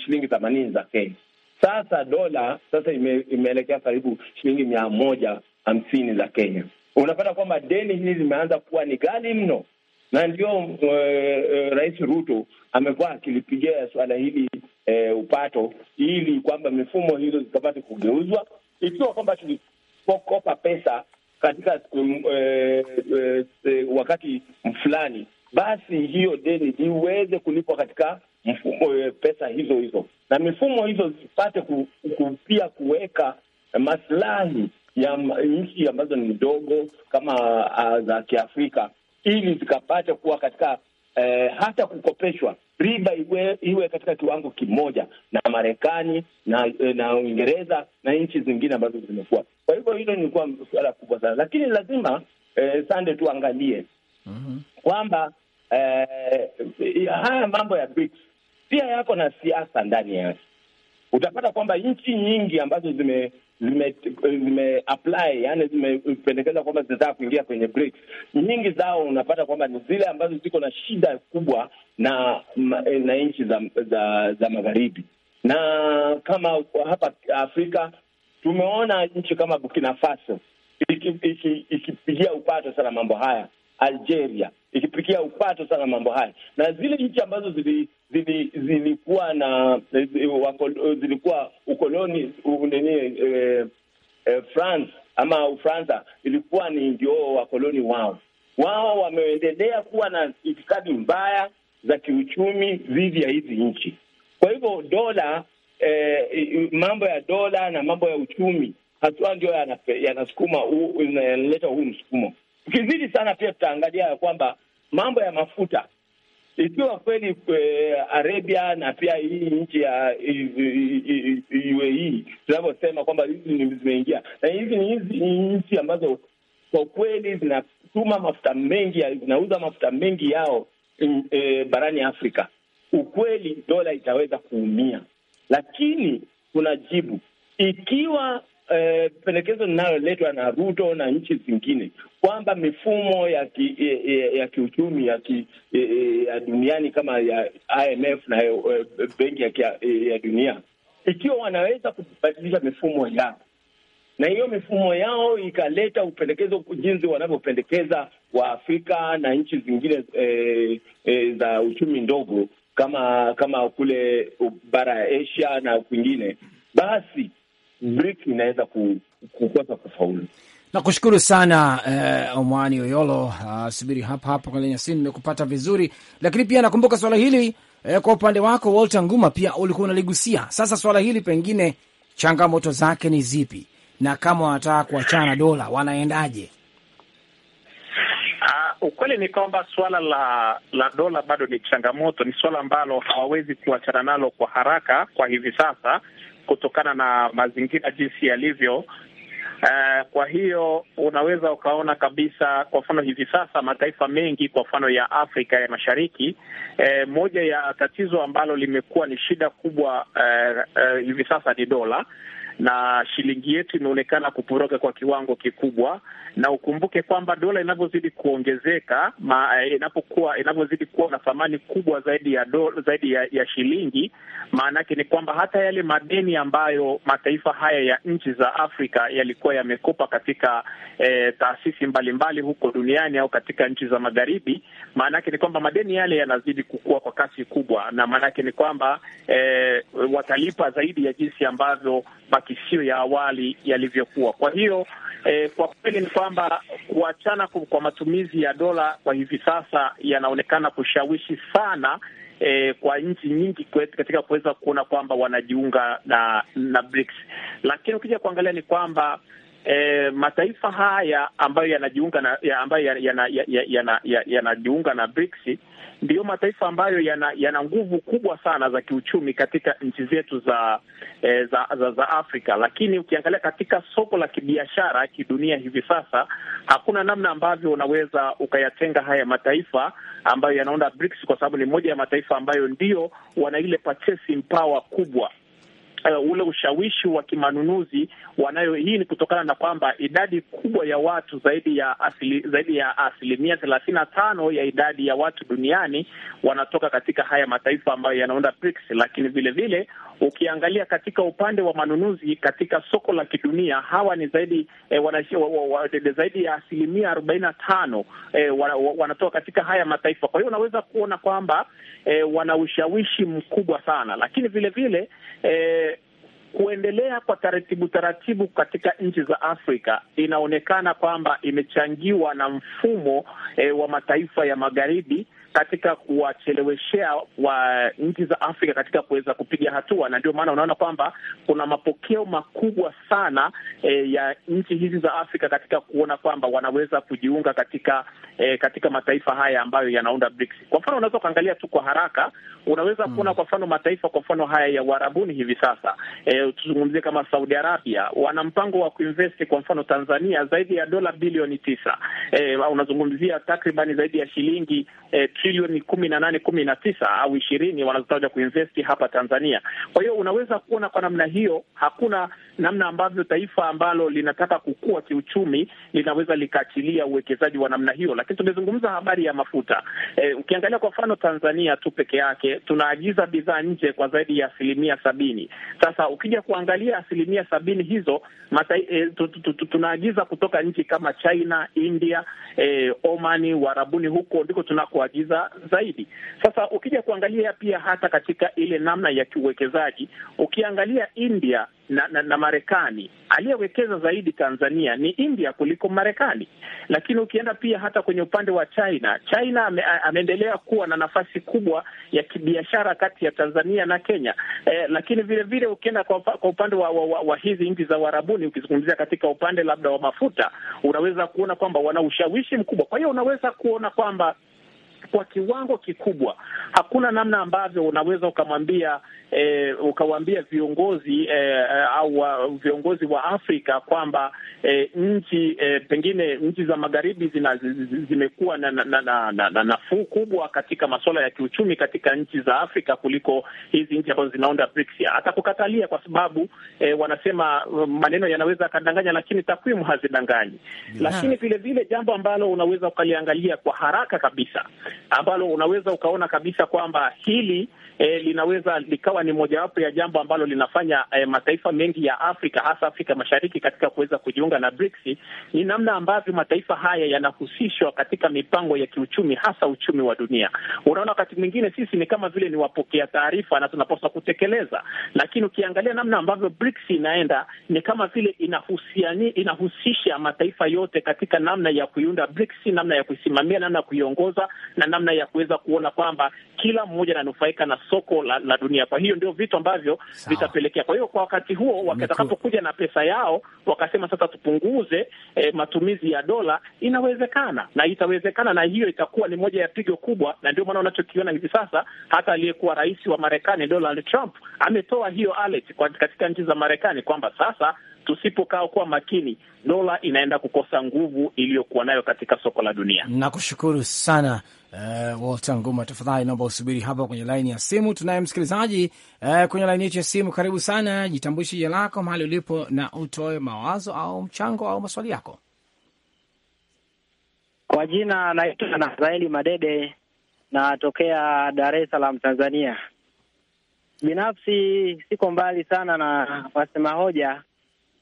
shilingi themanini za Kenya. Sasa dola sasa ime, imeelekea karibu shilingi mia moja hamsini za Kenya unapata kwamba deni hili limeanza kuwa ni ghali mno, na ndio uh, uh, Rais Ruto amekuwa akilipigia suala hili uh, upato, ili kwamba mifumo hizo zikapate kugeuzwa, ikiwa kwamba tulipokopa pesa katika um, uh, uh, uh, wakati fulani, basi hiyo deni iweze kulipwa katika mfumo, uh, pesa hizo hizo, na mifumo hizo zipate ku, ku, pia kuweka maslahi ya nchi ambazo ni ndogo kama uh, za Kiafrika ili zikapata kuwa katika eh, hata kukopeshwa riba iwe, iwe katika kiwango kimoja na Marekani na e, na Uingereza na nchi zingine ambazo zimekuwa. Kwa hivyo hilo nilikuwa suala kubwa sana, lakini lazima eh, sande tuangalie mm -hmm. kwamba eh, haya mambo ya BRICS pia yako na siasa ndani yake utapata kwamba nchi nyingi ambazo zime zime, zime apply yani zimependekeza kwamba zinataka kuingia kwenye BRICS, nyingi zao unapata kwamba ni zile ambazo ziko na shida kubwa na eh, na nchi za, za, za magharibi, na kama hapa Afrika tumeona nchi kama Burkina Faso ikipigia iki, iki, upato sana mambo haya, Algeria ikipikia upato sana mambo haya, na zile nchi ambazo zili, zili, zilikuwa na e, e, wako, zilikuwa ukoloni nini e, e, France ama Ufransa ilikuwa ni ndio wakoloni wao wao wameendelea kuwa na itikadi mbaya za kiuchumi dhidi ya hizi nchi. Kwa hivyo dola eh, mambo ya dola na mambo ya uchumi haswa ndio yanasukuma yanaleta huu msukumo. Ukizidi sana pia tutaangalia ya kwamba mambo ya mafuta ikiwa kweli eh, Arabia na pia hii nchi ya UAE tunavyosema kwamba hizi zimeingia, na hizi ni hizi nchi ambazo kwa kweli zinatuma mafuta mengi, zinauza mafuta mengi yao e, barani Afrika, ukweli dola itaweza kuumia, lakini kuna jibu ikiwa eh, pendekezo linaloletwa na Ruto na nchi zingine kwamba mifumo ya ki, ya, e, e, ya kiuchumi ya, ki, e, ya duniani kama ya IMF na eh, benki ya, ya dunia ikiwa wanaweza kubadilisha mifumo yao na hiyo mifumo yao ikaleta upendekezo jinsi wanavyopendekeza wa afrika na nchi zingine eh, eh, za uchumi ndogo kama kama kule bara ya Asia na kwingine, basi BRICS inaweza kukosa kufaulu. Nakushukuru sana eh, Omwani Oyolo. Ah, subiri hapa hapa kwenye nyasi, nimekupata vizuri, lakini pia nakumbuka swala hili eh, kwa upande wako Walter Nguma pia ulikuwa unaligusia. Sasa swala hili pengine changamoto zake ni zipi, na kama wanataka kuachana dola wanaendaje? Uh, ukweli ni kwamba suala la la dola bado ni changamoto, ni suala ambalo hawawezi kuachana nalo kwa haraka kwa hivi sasa, kutokana na mazingira jinsi yalivyo. Uh, kwa hiyo unaweza ukaona kabisa, kwa mfano hivi sasa mataifa mengi, kwa mfano ya Afrika ya Mashariki, uh, moja ya tatizo ambalo limekuwa ni shida kubwa uh, uh, hivi sasa ni dola na shilingi yetu imeonekana kuporoka kwa kiwango kikubwa, na ukumbuke kwamba dola inavyozidi kuongezeka, eh, inapokuwa inavyozidi kuwa na thamani kubwa zaidi ya do, zaidi ya, ya shilingi, maana yake ni kwamba hata yale madeni ambayo mataifa haya ya nchi za Afrika yalikuwa yamekopa katika eh, taasisi mbalimbali huko duniani au katika nchi za magharibi, maana yake ni kwamba madeni yale yanazidi kukua kwa kasi kubwa, na maana yake ni kwamba eh, watalipa zaidi ya jinsi ambavyo makisio ya awali yalivyokuwa. Kwa hiyo eh, kwa kweli ni kwamba kuachana kwa matumizi ya dola kwa hivi sasa yanaonekana kushawishi sana eh, kwa nchi nyingi katika kuweza kuona kwamba wanajiunga na na BRICS, lakini ukija kuangalia ni kwamba e, mataifa haya ambayo yanajiunga na ya ambayo yanajiunga ya, ya, ya, ya, ya, ya na BRICS ndiyo mataifa ambayo yana yana nguvu kubwa sana za kiuchumi katika nchi zetu za, e, za, za za Afrika, lakini ukiangalia katika soko la kibiashara kidunia hivi sasa hakuna namna ambavyo unaweza ukayatenga haya mataifa ambayo yanaunda BRICS, kwa sababu ni moja ya mataifa ambayo ndiyo wana ile purchasing power kubwa uh, ule ushawishi wa kimanunuzi wanayo. Hii ni kutokana na kwamba idadi kubwa ya watu zaidi ya asili, zaidi ya asilimia thelathini na tano ya idadi ya watu duniani wanatoka katika haya mataifa ambayo yanaunda BRICS, lakini vile vile ukiangalia katika upande wa manunuzi katika soko la kidunia hawa ni zaidi eh, wanashia, wa, wa, wa, zaidi ya asilimia arobaini na tano eh, wana, wa, wanatoka katika haya mataifa. Kwa hiyo unaweza kuona kwamba eh, wana ushawishi mkubwa sana, lakini vile vile eh, kuendelea kwa taratibu taratibu katika nchi za Afrika inaonekana kwamba imechangiwa na mfumo e, wa mataifa ya magharibi katika kuwacheleweshea wa nchi za Afrika katika kuweza kupiga hatua, na ndio maana unaona kwamba kuna mapokeo makubwa sana e, ya nchi hizi za Afrika katika kuona kwamba wanaweza kujiunga katika e, katika mataifa haya ambayo yanaunda BRICS. Kwa mfano unaweza ukaangalia tu kwa haraka, unaweza mm. kuona kwa mfano mataifa kwa mfano haya ya uharabuni hivi sasa e, tuzungumzie kama Saudi Arabia, wana mpango wa kuinvesti kwa mfano Tanzania zaidi ya dola bilioni tisa. E, unazungumzia takribani zaidi ya shilingi e, trilioni kumi na nane kumi na tisa au ishirini wanazotaja kuinvesti hapa Tanzania. Kwa hiyo unaweza kuona kwa namna hiyo, hakuna namna ambavyo taifa ambalo linataka kukua kiuchumi linaweza likaachilia uwekezaji wa namna hiyo. Lakini tumezungumza habari ya mafuta e, ukiangalia kwa mfano Tanzania tu peke yake tunaagiza bidhaa nje kwa zaidi ya asilimia sabini. Sasa ukija kuangalia asilimia sabini hizo e, tunaagiza kutoka nchi kama China, India, e, Omani, Warabuni, huko ndiko tunakoagiza kuwekeza zaidi. Sasa ukija kuangalia pia hata katika ile namna ya kiuwekezaji, ukiangalia India na, na, na Marekani, aliyewekeza zaidi Tanzania ni India kuliko Marekani. Lakini ukienda pia hata kwenye upande wa China, China ame, ameendelea kuwa na nafasi kubwa ya kibiashara kati ya Tanzania na Kenya eh, lakini vile vile ukienda kwa, kwa upande wa, wa, wa, wa hizi nchi za Uarabuni, ukizungumzia katika upande labda wa mafuta, unaweza kuona kwamba wana ushawishi mkubwa. Kwa hiyo unaweza kuona kwamba kwa kiwango kikubwa. Hakuna namna ambavyo unaweza ukamwambia e, ukawaambia viongozi e, au viongozi wa Afrika kwamba e, nchi e, pengine nchi za magharibi zimekuwa na nafuu na, na, na, na, na kubwa katika masuala ya kiuchumi katika nchi za Afrika kuliko hizi nchi ambazo zinaunda BRICS. Atakukatalia kwa sababu e, wanasema um, maneno yanaweza yakadanganya, lakini takwimu hazidanganyi. Lakini vile vile jambo ambalo unaweza ukaliangalia kwa haraka kabisa ambalo unaweza ukaona kabisa kwamba hili eh, linaweza likawa ni mojawapo ya jambo ambalo linafanya eh, mataifa mengi ya Afrika hasa Afrika Mashariki katika kuweza kujiunga na BRICS, ni namna ambavyo mataifa haya yanahusishwa katika mipango ya kiuchumi, hasa uchumi wa dunia. Unaona, wakati mwingine sisi ni kama vile ni wapokea taarifa na tunapaswa kutekeleza, lakini ukiangalia namna ambavyo BRICS inaenda ni kama vile inahusiani, inahusisha mataifa yote katika namna ya kuiunda BRICS, namna ya kuisimamia, namna ya kuiongoza na namna ya kuweza kuona kwamba kila mmoja ananufaika na soko la, la dunia. Kwa hiyo ndio vitu ambavyo vitapelekea. Kwa hiyo kwa wakati huo watakapokuja na pesa yao wakasema sasa tupunguze eh, matumizi ya dola, inawezekana na itawezekana, na hiyo itakuwa ni moja ya pigo kubwa, na ndio maana unachokiona hivi sasa, hata aliyekuwa rais wa Marekani Donald Trump ametoa hiyo alert katika nchi za Marekani kwamba sasa tusipokaa kuwa makini, dola inaenda kukosa nguvu iliyokuwa nayo katika soko la dunia. Nakushukuru sana uh, Walter Nguma, tafadhali naomba usubiri hapa kwenye laini ya simu. Tunaye msikilizaji uh, kwenye laini yetu ya simu. Karibu sana, jitambulishe jina lako, mahali ulipo, na utoe mawazo au mchango au maswali yako. Kwa jina naitwa Nazaeli Madede, natokea Dar es Salaam, Tanzania. Binafsi siko mbali sana na wasema hoja,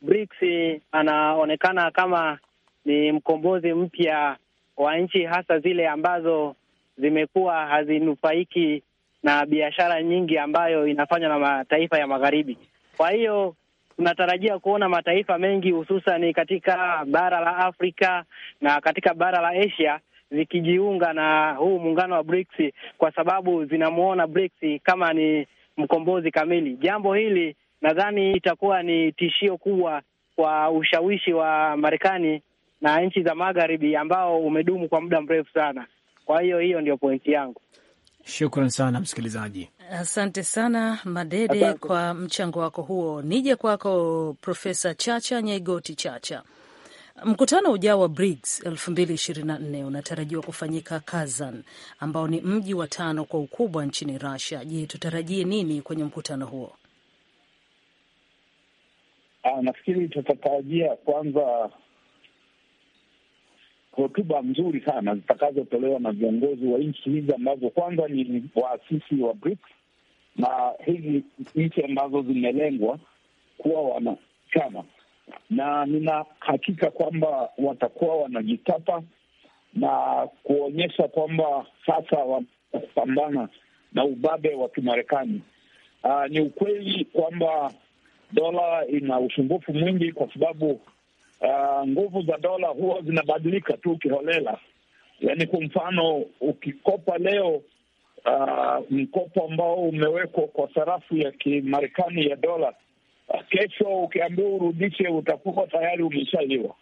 BRICS eh, anaonekana kama ni mkombozi mpya wa nchi hasa zile ambazo zimekuwa hazinufaiki na biashara nyingi ambayo inafanywa na mataifa ya magharibi. Kwa hiyo tunatarajia kuona mataifa mengi hususan katika bara la Afrika na katika bara la Asia zikijiunga na huu muungano wa BRICS kwa sababu zinamuona BRICS kama ni mkombozi kamili. Jambo hili nadhani itakuwa ni tishio kubwa kwa ushawishi wa Marekani na nchi za magharibi ambao umedumu kwa muda mrefu sana. Kwa hiyo hiyo ndio pointi yangu. Shukran sana msikilizaji, asante sana Madede asante kwa mchango wako huo. Nije kwako Profesa Chacha Nyaigoti Chacha. Mkutano ujao wa BRICS 2024 unatarajiwa kufanyika Kazan, ambao ni mji wa tano kwa ukubwa nchini Russia. Je, tutarajie nini kwenye mkutano huo? Ah, nafikiri tutatarajia kwanza hotuba nzuri sana zitakazotolewa na viongozi wa nchi hizi ambazo kwanza ni waasisi wa BRICS na hizi nchi ambazo zimelengwa kuwa wanachama, na nina hakika kwamba watakuwa wanajitapa na kuonyesha kwamba sasa wanapambana na ubabe wa Kimarekani. Uh, ni ukweli kwamba dola ina usumbufu mwingi kwa sababu uh, nguvu za dola huwa zinabadilika tu ukiholela Yaani, kwa mfano ukikopa leo uh, mkopo ambao umewekwa kwa sarafu ya Kimarekani ya dola uh, kesho ukiambiwa urudishe utakuwa tayari umeshaliwa.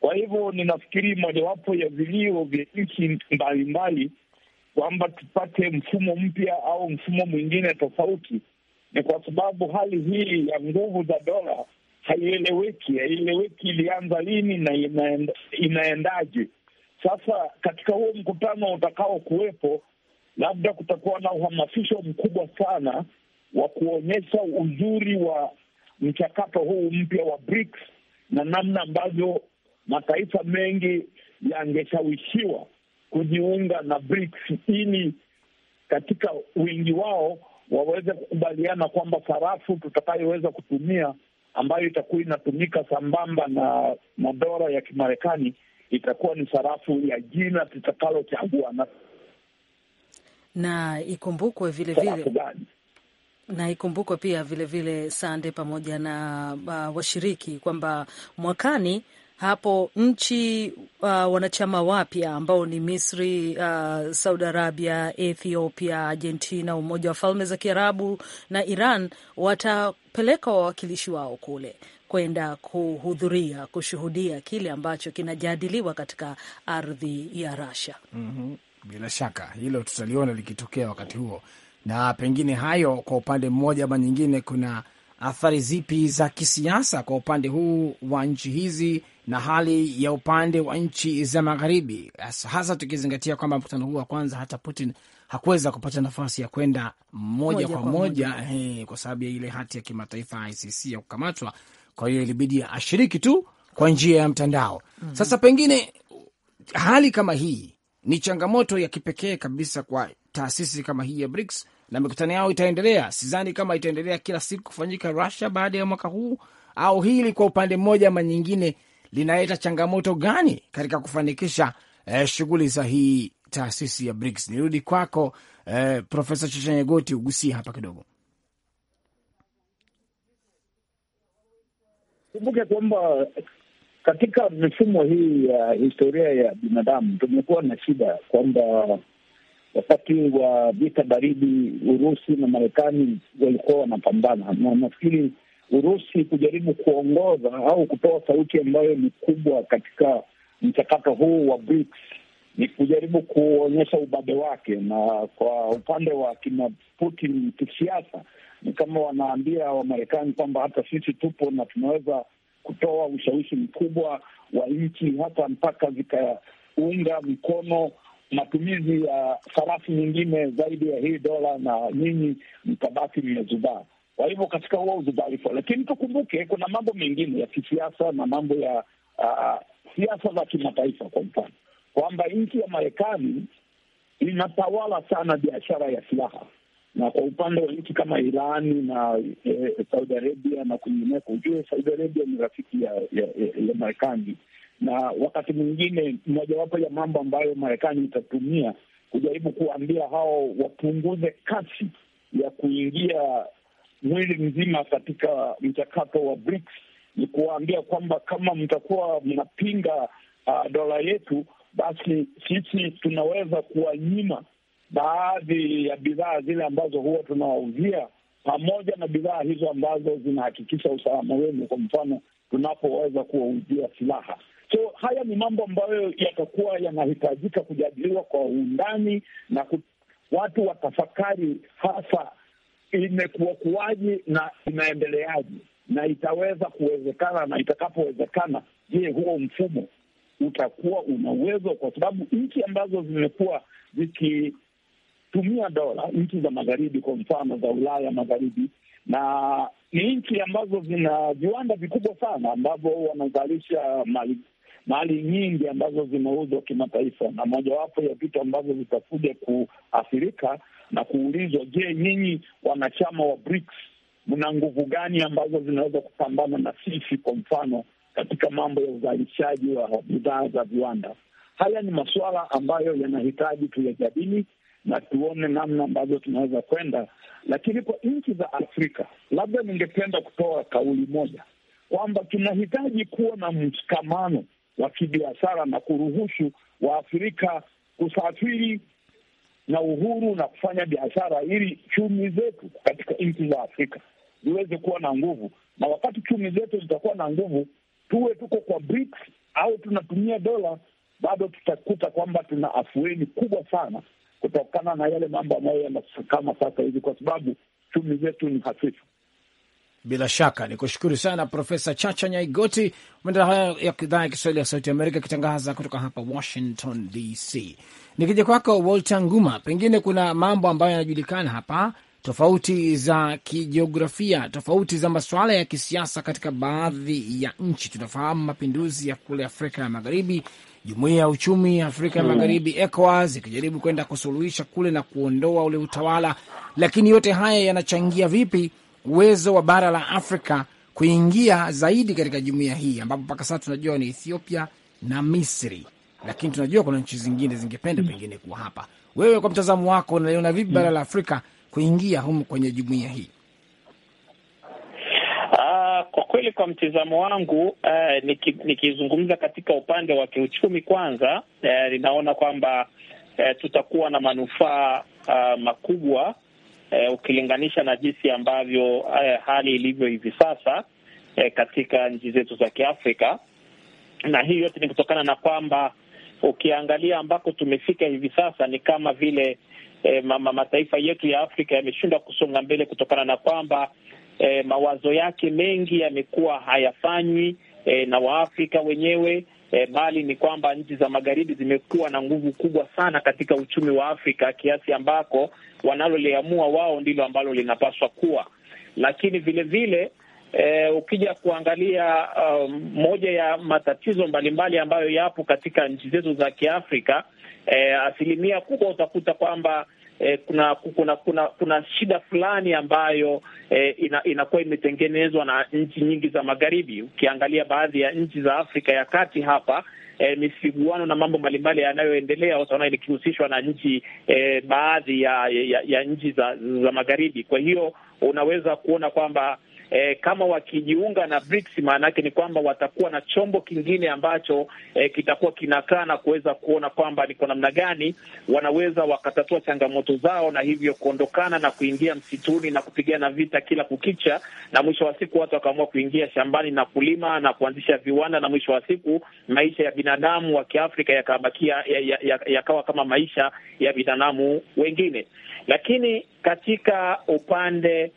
Kwa hivyo ninafikiri mojawapo ya vilio vya nchi mbalimbali kwamba tupate mfumo mpya au mfumo mwingine tofauti ni kwa sababu hali hii ya nguvu za dola haieleweki, haieleweki ilianza lini na inaenda, inaendaje sasa. Katika huo mkutano utakao kuwepo, labda kutakuwa na uhamasisho mkubwa sana wa kuonyesha uzuri wa mchakato huu mpya wa BRICS na namna ambavyo mataifa mengi yangeshawishiwa kujiunga na BRICS ili katika wingi wao waweze kukubaliana kwamba sarafu tutakayoweza kutumia ambayo itakuwa inatumika sambamba na, na dola ya Kimarekani itakuwa ni sarafu ya jina tutakalochagua na na ikumbukwe vile vile na ikumbukwe pia vilevile vile sande pamoja na uh, washiriki kwamba mwakani hapo nchi uh, wanachama wapya ambao ni Misri, uh, Saudi Arabia, Ethiopia, Argentina, Umoja wa Falme za Kiarabu na Iran watapeleka wawakilishi wao kule kwenda kuhudhuria kushuhudia kile ambacho kinajadiliwa katika ardhi ya rasha Mm -hmm. Bila shaka hilo tutaliona likitokea wakati huo, na pengine hayo kwa upande mmoja ama nyingine, kuna athari zipi za kisiasa kwa upande huu wa nchi hizi na hali ya upande wa nchi za magharibi, hasa tukizingatia kwamba mkutano huu wa kwanza hata Putin hakuweza kupata nafasi ya kwenda moja, moja kwa moja, moja. Hey, eh, kwa sababu ya ile hati ya kimataifa ICC ya kukamatwa, kwa hiyo ilibidi ashiriki tu kwa njia ya mtandao mm -hmm. Sasa pengine hali kama hii ni changamoto ya kipekee kabisa kwa taasisi kama hii ya BRICS, na mikutano yao itaendelea. Sidhani kama itaendelea kila siku kufanyika Russia baada ya mwaka huu, au hili kwa upande mmoja ama nyingine linaleta changamoto gani katika kufanikisha eh, shughuli za hii taasisi ya BRICS? Nirudi kwako eh, Profesa Chacha Nyegoti, ugusie hapa kidogo. Kumbuke kwamba katika mifumo hii ya uh, historia ya binadamu tumekuwa na shida kwamba wakati wa vita baridi Urusi na Marekani walikuwa wanapambana, na nafikiri Urusi kujaribu kuongoza au kutoa sauti ambayo ni kubwa katika mchakato huu wa BRICS ni kujaribu kuonyesha ubabe wake, na kwa upande wa kina Putin kisiasa ni kama wanaambia Wamarekani kwamba hata sisi tupo na tunaweza kutoa ushawishi mkubwa wa nchi hata mpaka zikaunga mkono matumizi ya sarafu nyingine zaidi ya hii dola, na nyinyi mtabaki mmezubaa. Kwa hivyo katika huo uzidharifu, lakini tukumbuke kuna mambo mengine ya kisiasa na mambo ya uh, siasa za kimataifa, kwa mfano kwamba nchi ya Marekani inatawala sana biashara ya silaha, na kwa upande wa nchi kama Irani na e, Saudi Arabia na kwingineko, ujue Saudi Arabia ni rafiki ya, ya, ya Marekani, na wakati mwingine mojawapo ya mambo ambayo Marekani itatumia kujaribu kuambia hao wapunguze kasi ya kuingia mwili mzima katika mchakato wa BRICS, ni kuwaambia kwamba kama mtakuwa mnapinga uh, dola yetu, basi sisi tunaweza kuwanyima baadhi ya bidhaa zile ambazo huwa tunawauzia, pamoja na bidhaa hizo ambazo zinahakikisha usalama wenu, kwa mfano tunapoweza kuwauzia silaha. So haya ni mambo ambayo yatakuwa yanahitajika kujadiliwa kwa undani na ku, watu watafakari hasa imekuwa kuwaje na inaendeleaje, na itaweza kuwezekana, na itakapowezekana, je, huo mfumo utakuwa una uwezo? Kwa sababu nchi ambazo zimekuwa zikitumia dola, nchi za magharibi, kwa mfano za Ulaya magharibi, na ni nchi ambazo zina viwanda vikubwa sana ambavyo wanazalisha mali mali nyingi ambazo zimeuzwa kimataifa, na mojawapo ya vitu ambavyo vitakuja kuathirika na kuulizwa, je, nyinyi wanachama wa BRICS mna nguvu gani ambazo zinaweza kupambana na sisi, kwa mfano katika mambo ya uzalishaji wa bidhaa za viwanda. Haya ni masuala ambayo yanahitaji tuyajadili na tuone namna ambavyo tunaweza kwenda, lakini kwa nchi za Afrika labda ningependa kutoa kauli moja kwamba tunahitaji kuwa na mshikamano wa kibiashara na kuruhusu Waafrika kusafiri na uhuru na kufanya biashara, ili chumi zetu katika nchi za Afrika ziweze kuwa na nguvu. Na wakati chumi zetu zitakuwa na nguvu, tuwe tuko kwa BRICS au tunatumia dola, bado tutakuta kwamba tuna afueni kubwa sana kutokana na yale mambo ambayo yanakama sasa hivi, kwa sababu chumi zetu ni hafifu. Bila shaka ni kushukuru sana Profesa Chacha Nyaigoti. Maendeleo haya ya idhaa ya Kiswahili ya Sauti Amerika ikitangaza kutoka hapa Washington DC. Nikija kwako Walter Nguma, pengine kuna mambo ambayo yanajulikana hapa, tofauti za kijiografia, tofauti za masuala ya kisiasa katika baadhi ya nchi. Tunafahamu mapinduzi ya kule Afrika ya Magharibi, Jumuiya ya Uchumi ya Afrika ya hmm. Magharibi, ECOWAS ikijaribu kwenda kusuluhisha kule na kuondoa ule utawala, lakini yote haya yanachangia vipi uwezo wa bara la Afrika kuingia zaidi katika jumuiya hii, ambapo mpaka sasa tunajua ni Ethiopia na Misri, lakini tunajua kuna nchi zingine zingependa pengine kuwa hapa. Wewe kwa mtazamo wako unaliona vipi bara la Afrika kuingia humu kwenye jumuiya hii? Ah, kwa kweli kwa mtizamo wangu uh, nikizungumza niki katika upande wa kiuchumi kwanza, eh, ninaona uh, kwamba eh, tutakuwa na manufaa eh, makubwa eh, ukilinganisha na jinsi ambavyo eh, hali ilivyo hivi sasa eh, katika nchi zetu za Kiafrika, na hii yote ni kutokana na kwamba ukiangalia ambako tumefika hivi sasa ni kama vile eh, mama mataifa yetu ya Afrika yameshindwa kusonga mbele kutokana na kwamba eh, mawazo yake mengi yamekuwa hayafanywi eh, na Waafrika wenyewe e, bali ni kwamba nchi za magharibi zimekuwa na nguvu kubwa sana katika uchumi wa Afrika kiasi ambako wanaloliamua wao ndilo ambalo linapaswa kuwa. Lakini vilevile vile e, ukija kuangalia um, moja ya matatizo mbalimbali ambayo yapo katika nchi zetu za Kiafrika e, asilimia kubwa utakuta kwamba eh, kuna, kuna kuna kuna shida fulani ambayo eh, ina, inakuwa imetengenezwa na nchi nyingi za magharibi. Ukiangalia baadhi ya nchi za Afrika ya kati hapa eh, misiguano na mambo mbalimbali yanayoendelea utaona ikihusishwa na nchi eh, baadhi ya, ya, ya nchi za, za magharibi. Kwa hiyo unaweza kuona kwamba e, kama wakijiunga na BRICS, maana ni kwamba watakuwa na chombo kingine ambacho e, kitakuwa kinakaa na kuweza kuona kwamba ni kwa namna gani wanaweza wakatatua changamoto zao na hivyo kuondokana na kuingia msituni na kupigana vita kila kukicha, na mwisho wa siku watu wakaamua kuingia shambani na kulima na kuanzisha viwanda, na mwisho wa siku maisha ya binadamu wa Kiafrika yakabakia yakawa ya, ya, ya kama maisha ya binadamu wengine, lakini katika upande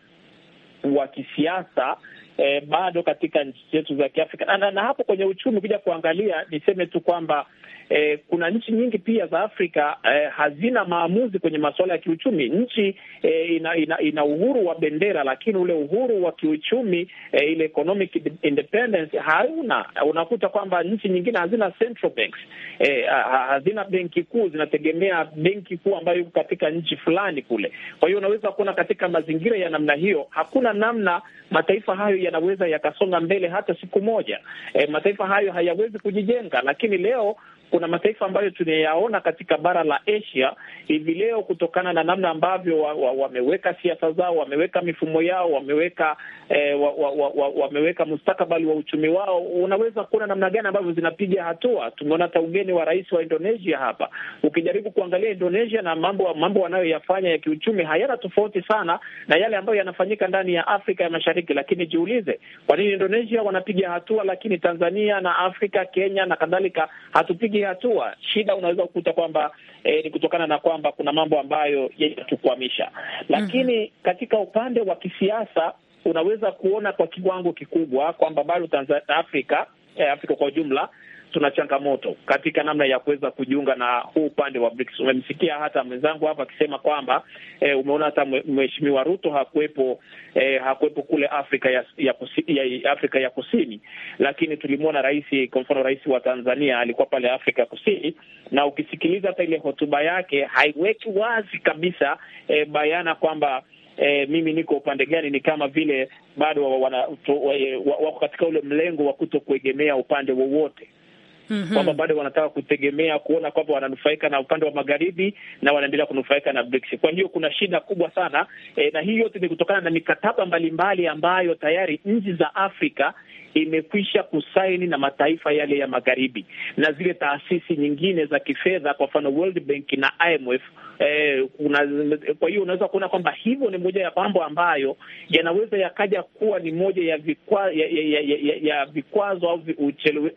wa kisiasa eh, bado katika nchi zetu za Kiafrika na, na, na hapo kwenye uchumi, ukija kuangalia niseme tu kwamba eh, kuna nchi nyingi pia za Afrika eh, hazina maamuzi kwenye masuala ya kiuchumi. Nchi eh, ina, ina, ina uhuru wa bendera, lakini ule uhuru wa kiuchumi eh, ile economic independence hauna. Unakuta kwamba nchi nyingine hazina central banks eh, hazina benki kuu, zinategemea benki kuu ambayo iko katika nchi fulani kule. Kwa hiyo unaweza kuona katika mazingira ya namna hiyo, hakuna namna mataifa hayo yanaweza yakasonga mbele hata siku moja. Eh, mataifa hayo hayawezi kujijenga, lakini leo kuna mataifa ambayo tunayaona katika bara la Asia hivi leo kutokana na namna ambavyo wameweka wa, wa siasa zao, wameweka mifumo yao, wameweka eh, wa, wa, wa, wameweka mustakabali wa uchumi wao. Unaweza kuona namna gani ambavyo zinapiga hatua. Tumeona hata ugeni wa rais wa Indonesia hapa, ukijaribu kuangalia Indonesia na mambo mambo wanayoyafanya ya kiuchumi hayana tofauti sana na yale ambayo yanafanyika ndani ya Afrika ya Mashariki, lakini jiulize, kwa nini Indonesia wanapiga hatua, lakini Tanzania na Afrika, Kenya na kadhalika hatupigi kufikia hatua. Shida unaweza kukuta kwamba eh, ni kutokana na kwamba kuna mambo ambayo yanatukwamisha, lakini mm -hmm. katika upande wa kisiasa unaweza kuona kwa kiwango kikubwa kwamba bado Tanzania, Afrika eh, Afrika kwa ujumla tuna changamoto katika namna ya kuweza kujiunga na huu upande wa BRICS. Umemsikia hata mwenzangu hapa akisema kwamba e, umeona hata mheshimiwa Ruto hakuwepo e, hakuwepo kule Afrika ya, ya, kusi, ya Afrika ya Kusini, lakini tulimwona rais, kwa mfano rais wa Tanzania alikuwa pale Afrika Kusini, na ukisikiliza hata ile hotuba yake haiweki wazi kabisa e, bayana kwamba E, mimi niko upande gani? Ni kama vile bado wako wa, wa, wa, wa, wa katika ule mlengo wa kuto kuegemea upande wowote. -hmm. kwamba bado wanataka kutegemea kuona kwamba wananufaika na upande wa magharibi na wanaendelea kunufaika na BRICS. Kwa hiyo kuna shida kubwa sana e, na hii yote ni kutokana na mikataba mbalimbali ambayo tayari nchi za Afrika imekwisha kusaini na mataifa yale ya magharibi na zile taasisi nyingine za kifedha, kwa mfano World Bank na IMF eh, kwa hiyo unaweza kuona kwamba hivyo ni moja ya mambo ambayo yanaweza yakaja kuwa ni moja ya vikwa, ya, ya, ya, ya, ya vikwazo au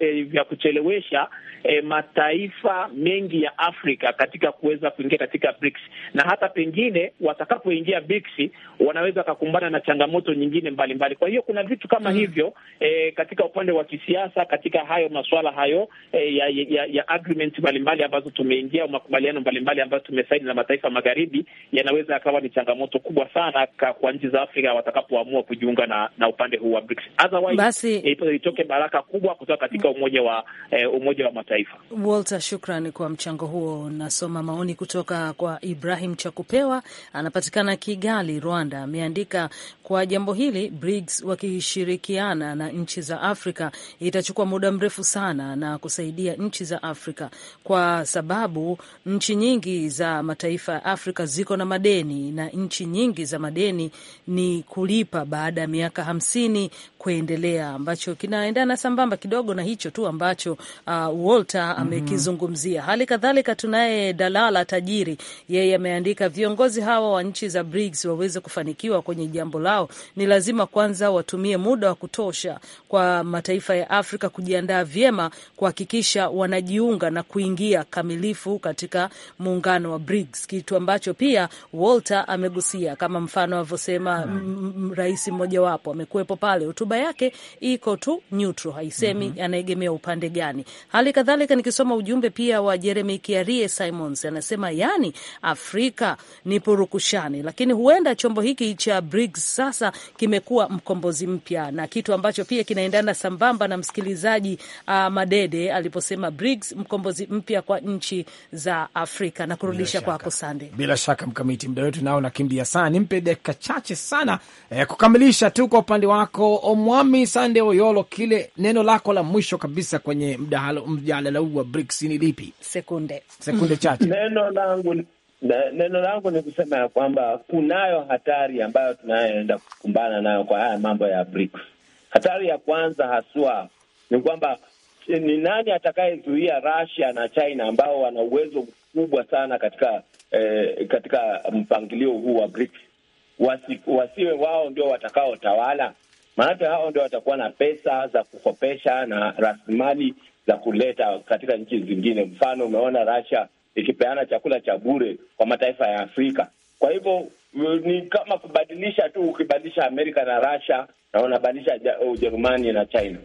eh, vya kuchelewesha eh, mataifa mengi ya Afrika katika kuweza kuingia katika BRICS. Na hata pengine watakapoingia BRICS wanaweza wakakumbana na changamoto nyingine mbalimbali mbali. Kwa hiyo kuna vitu kama mm, hivyo eh, katika upande wa kisiasa katika hayo masuala hayo eh, ya, ya, ya agreement mbalimbali ambazo tumeingia au makubaliano mbalimbali ambayo tumesaini na mataifa magharibi yanaweza yakawa ni changamoto kubwa sana kwa nchi za Afrika watakapoamua kujiunga na, na upande huu wa BRICS. Otherwise basi itoke baraka kubwa kutoka katika umoja wa eh, umoja wa Mataifa. Walter, shukrani kwa mchango huo. Nasoma maoni kutoka kwa Ibrahim Chakupewa, anapatikana Kigali, Rwanda. Ameandika kwa jambo hili BRICS wakishirikiana na nchi za Afrika itachukua muda mrefu sana na kusaidia nchi za Afrika kwa sababu nchi nyingi za mata mataifa ya Afrika ziko na madeni na nchi nyingi za madeni ni kulipa baada ya miaka hamsini kuendelea, ambacho kinaendana sambamba kidogo na hicho tu ambacho uh, Walter mhm. amekizungumzia. Hali kadhalika tunaye Dalala Tajiri, yeye ameandika, viongozi hawa wa nchi za BRICS waweze kufanikiwa kwenye jambo lao, ni lazima kwanza watumie muda wa kutosha kwa mataifa ya Afrika kujiandaa vyema kuhakikisha wanajiunga na kuingia kamilifu katika muungano wa BRICS politics, kitu ambacho pia Walter amegusia kama mfano alivyosema mm. rais mmojawapo amekuwepo pale, hotuba yake iko tu neutral, haisemi mm -hmm. anaegemea upande gani. Hali kadhalika nikisoma ujumbe pia wa Jeremy Kiarie Simons anasema, yani Afrika ni purukushani, lakini huenda chombo hiki cha BRICS sasa kimekuwa mkombozi mpya, na kitu ambacho pia kinaendana sambamba na msikilizaji uh, Madede aliposema BRICS mkombozi mpya kwa nchi za Afrika na kurudisha kwa wako Sande. Bila shaka mkamiti, muda wetu nao nakimbia sana, nimpe dakika chache sana eh, kukamilisha tu kwa upande wako Omwami Sande Oyolo, kile neno lako la mwisho kabisa kwenye mjadala huu wa BRICS ni lipi? Sekunde, sekunde chache. <laughs> Neno langu na, neno langu ni kusema ya kwamba kunayo hatari ambayo tunayoenda kukumbana nayo kwa haya mambo ya BRICS. Hatari ya kwanza haswa ni kwamba ni nani atakayezuia Russia na China ambao wana uwezo kubwa sana katika eh, katika mpangilio huu wa BRICS. Wasi, wasiwe wao ndio watakaotawala, maanake hao ndio watakuwa na pesa za kukopesha na rasilimali za kuleta katika nchi zingine. Mfano, umeona Russia ikipeana chakula cha bure kwa mataifa ya Afrika. Kwa hivyo ni kama kubadilisha tu, ukibadilisha Amerika na Russia na unabadilisha Ujerumani na China.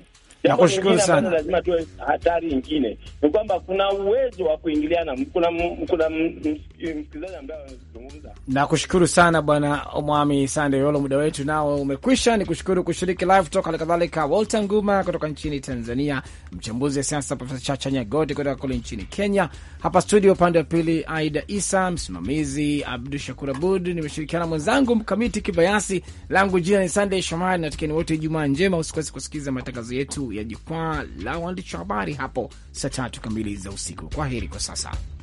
Nakushukuru sana. Lazima tuwe hatari nyingine ni kwamba kuna uwezo wa kuingiliana, kuna kuna msikilizaji ambaye anazungumza. Nakushukuru sana Bwana Omwami Sande Yolo, muda wetu nao umekwisha. Nikushukuru kushiriki live talk, hali Walter Nguma kutoka nchini Tanzania, mchambuzi wa siasa Profesa Chacha Nyagoti kutoka kule nchini Kenya. Hapa studio upande wa pili Aida Isa, msimamizi Abdu Shakur Abud, nimeshirikiana mwenzangu Mkamiti Kibayasi, langu jina ni Sandey Shomari na tukieni wote Ijumaa njema, usikose kusikiliza matangazo yetu ya jukwaa la waandishi wa habari hapo saa tatu kamili za usiku. Kwa heri kwa sasa.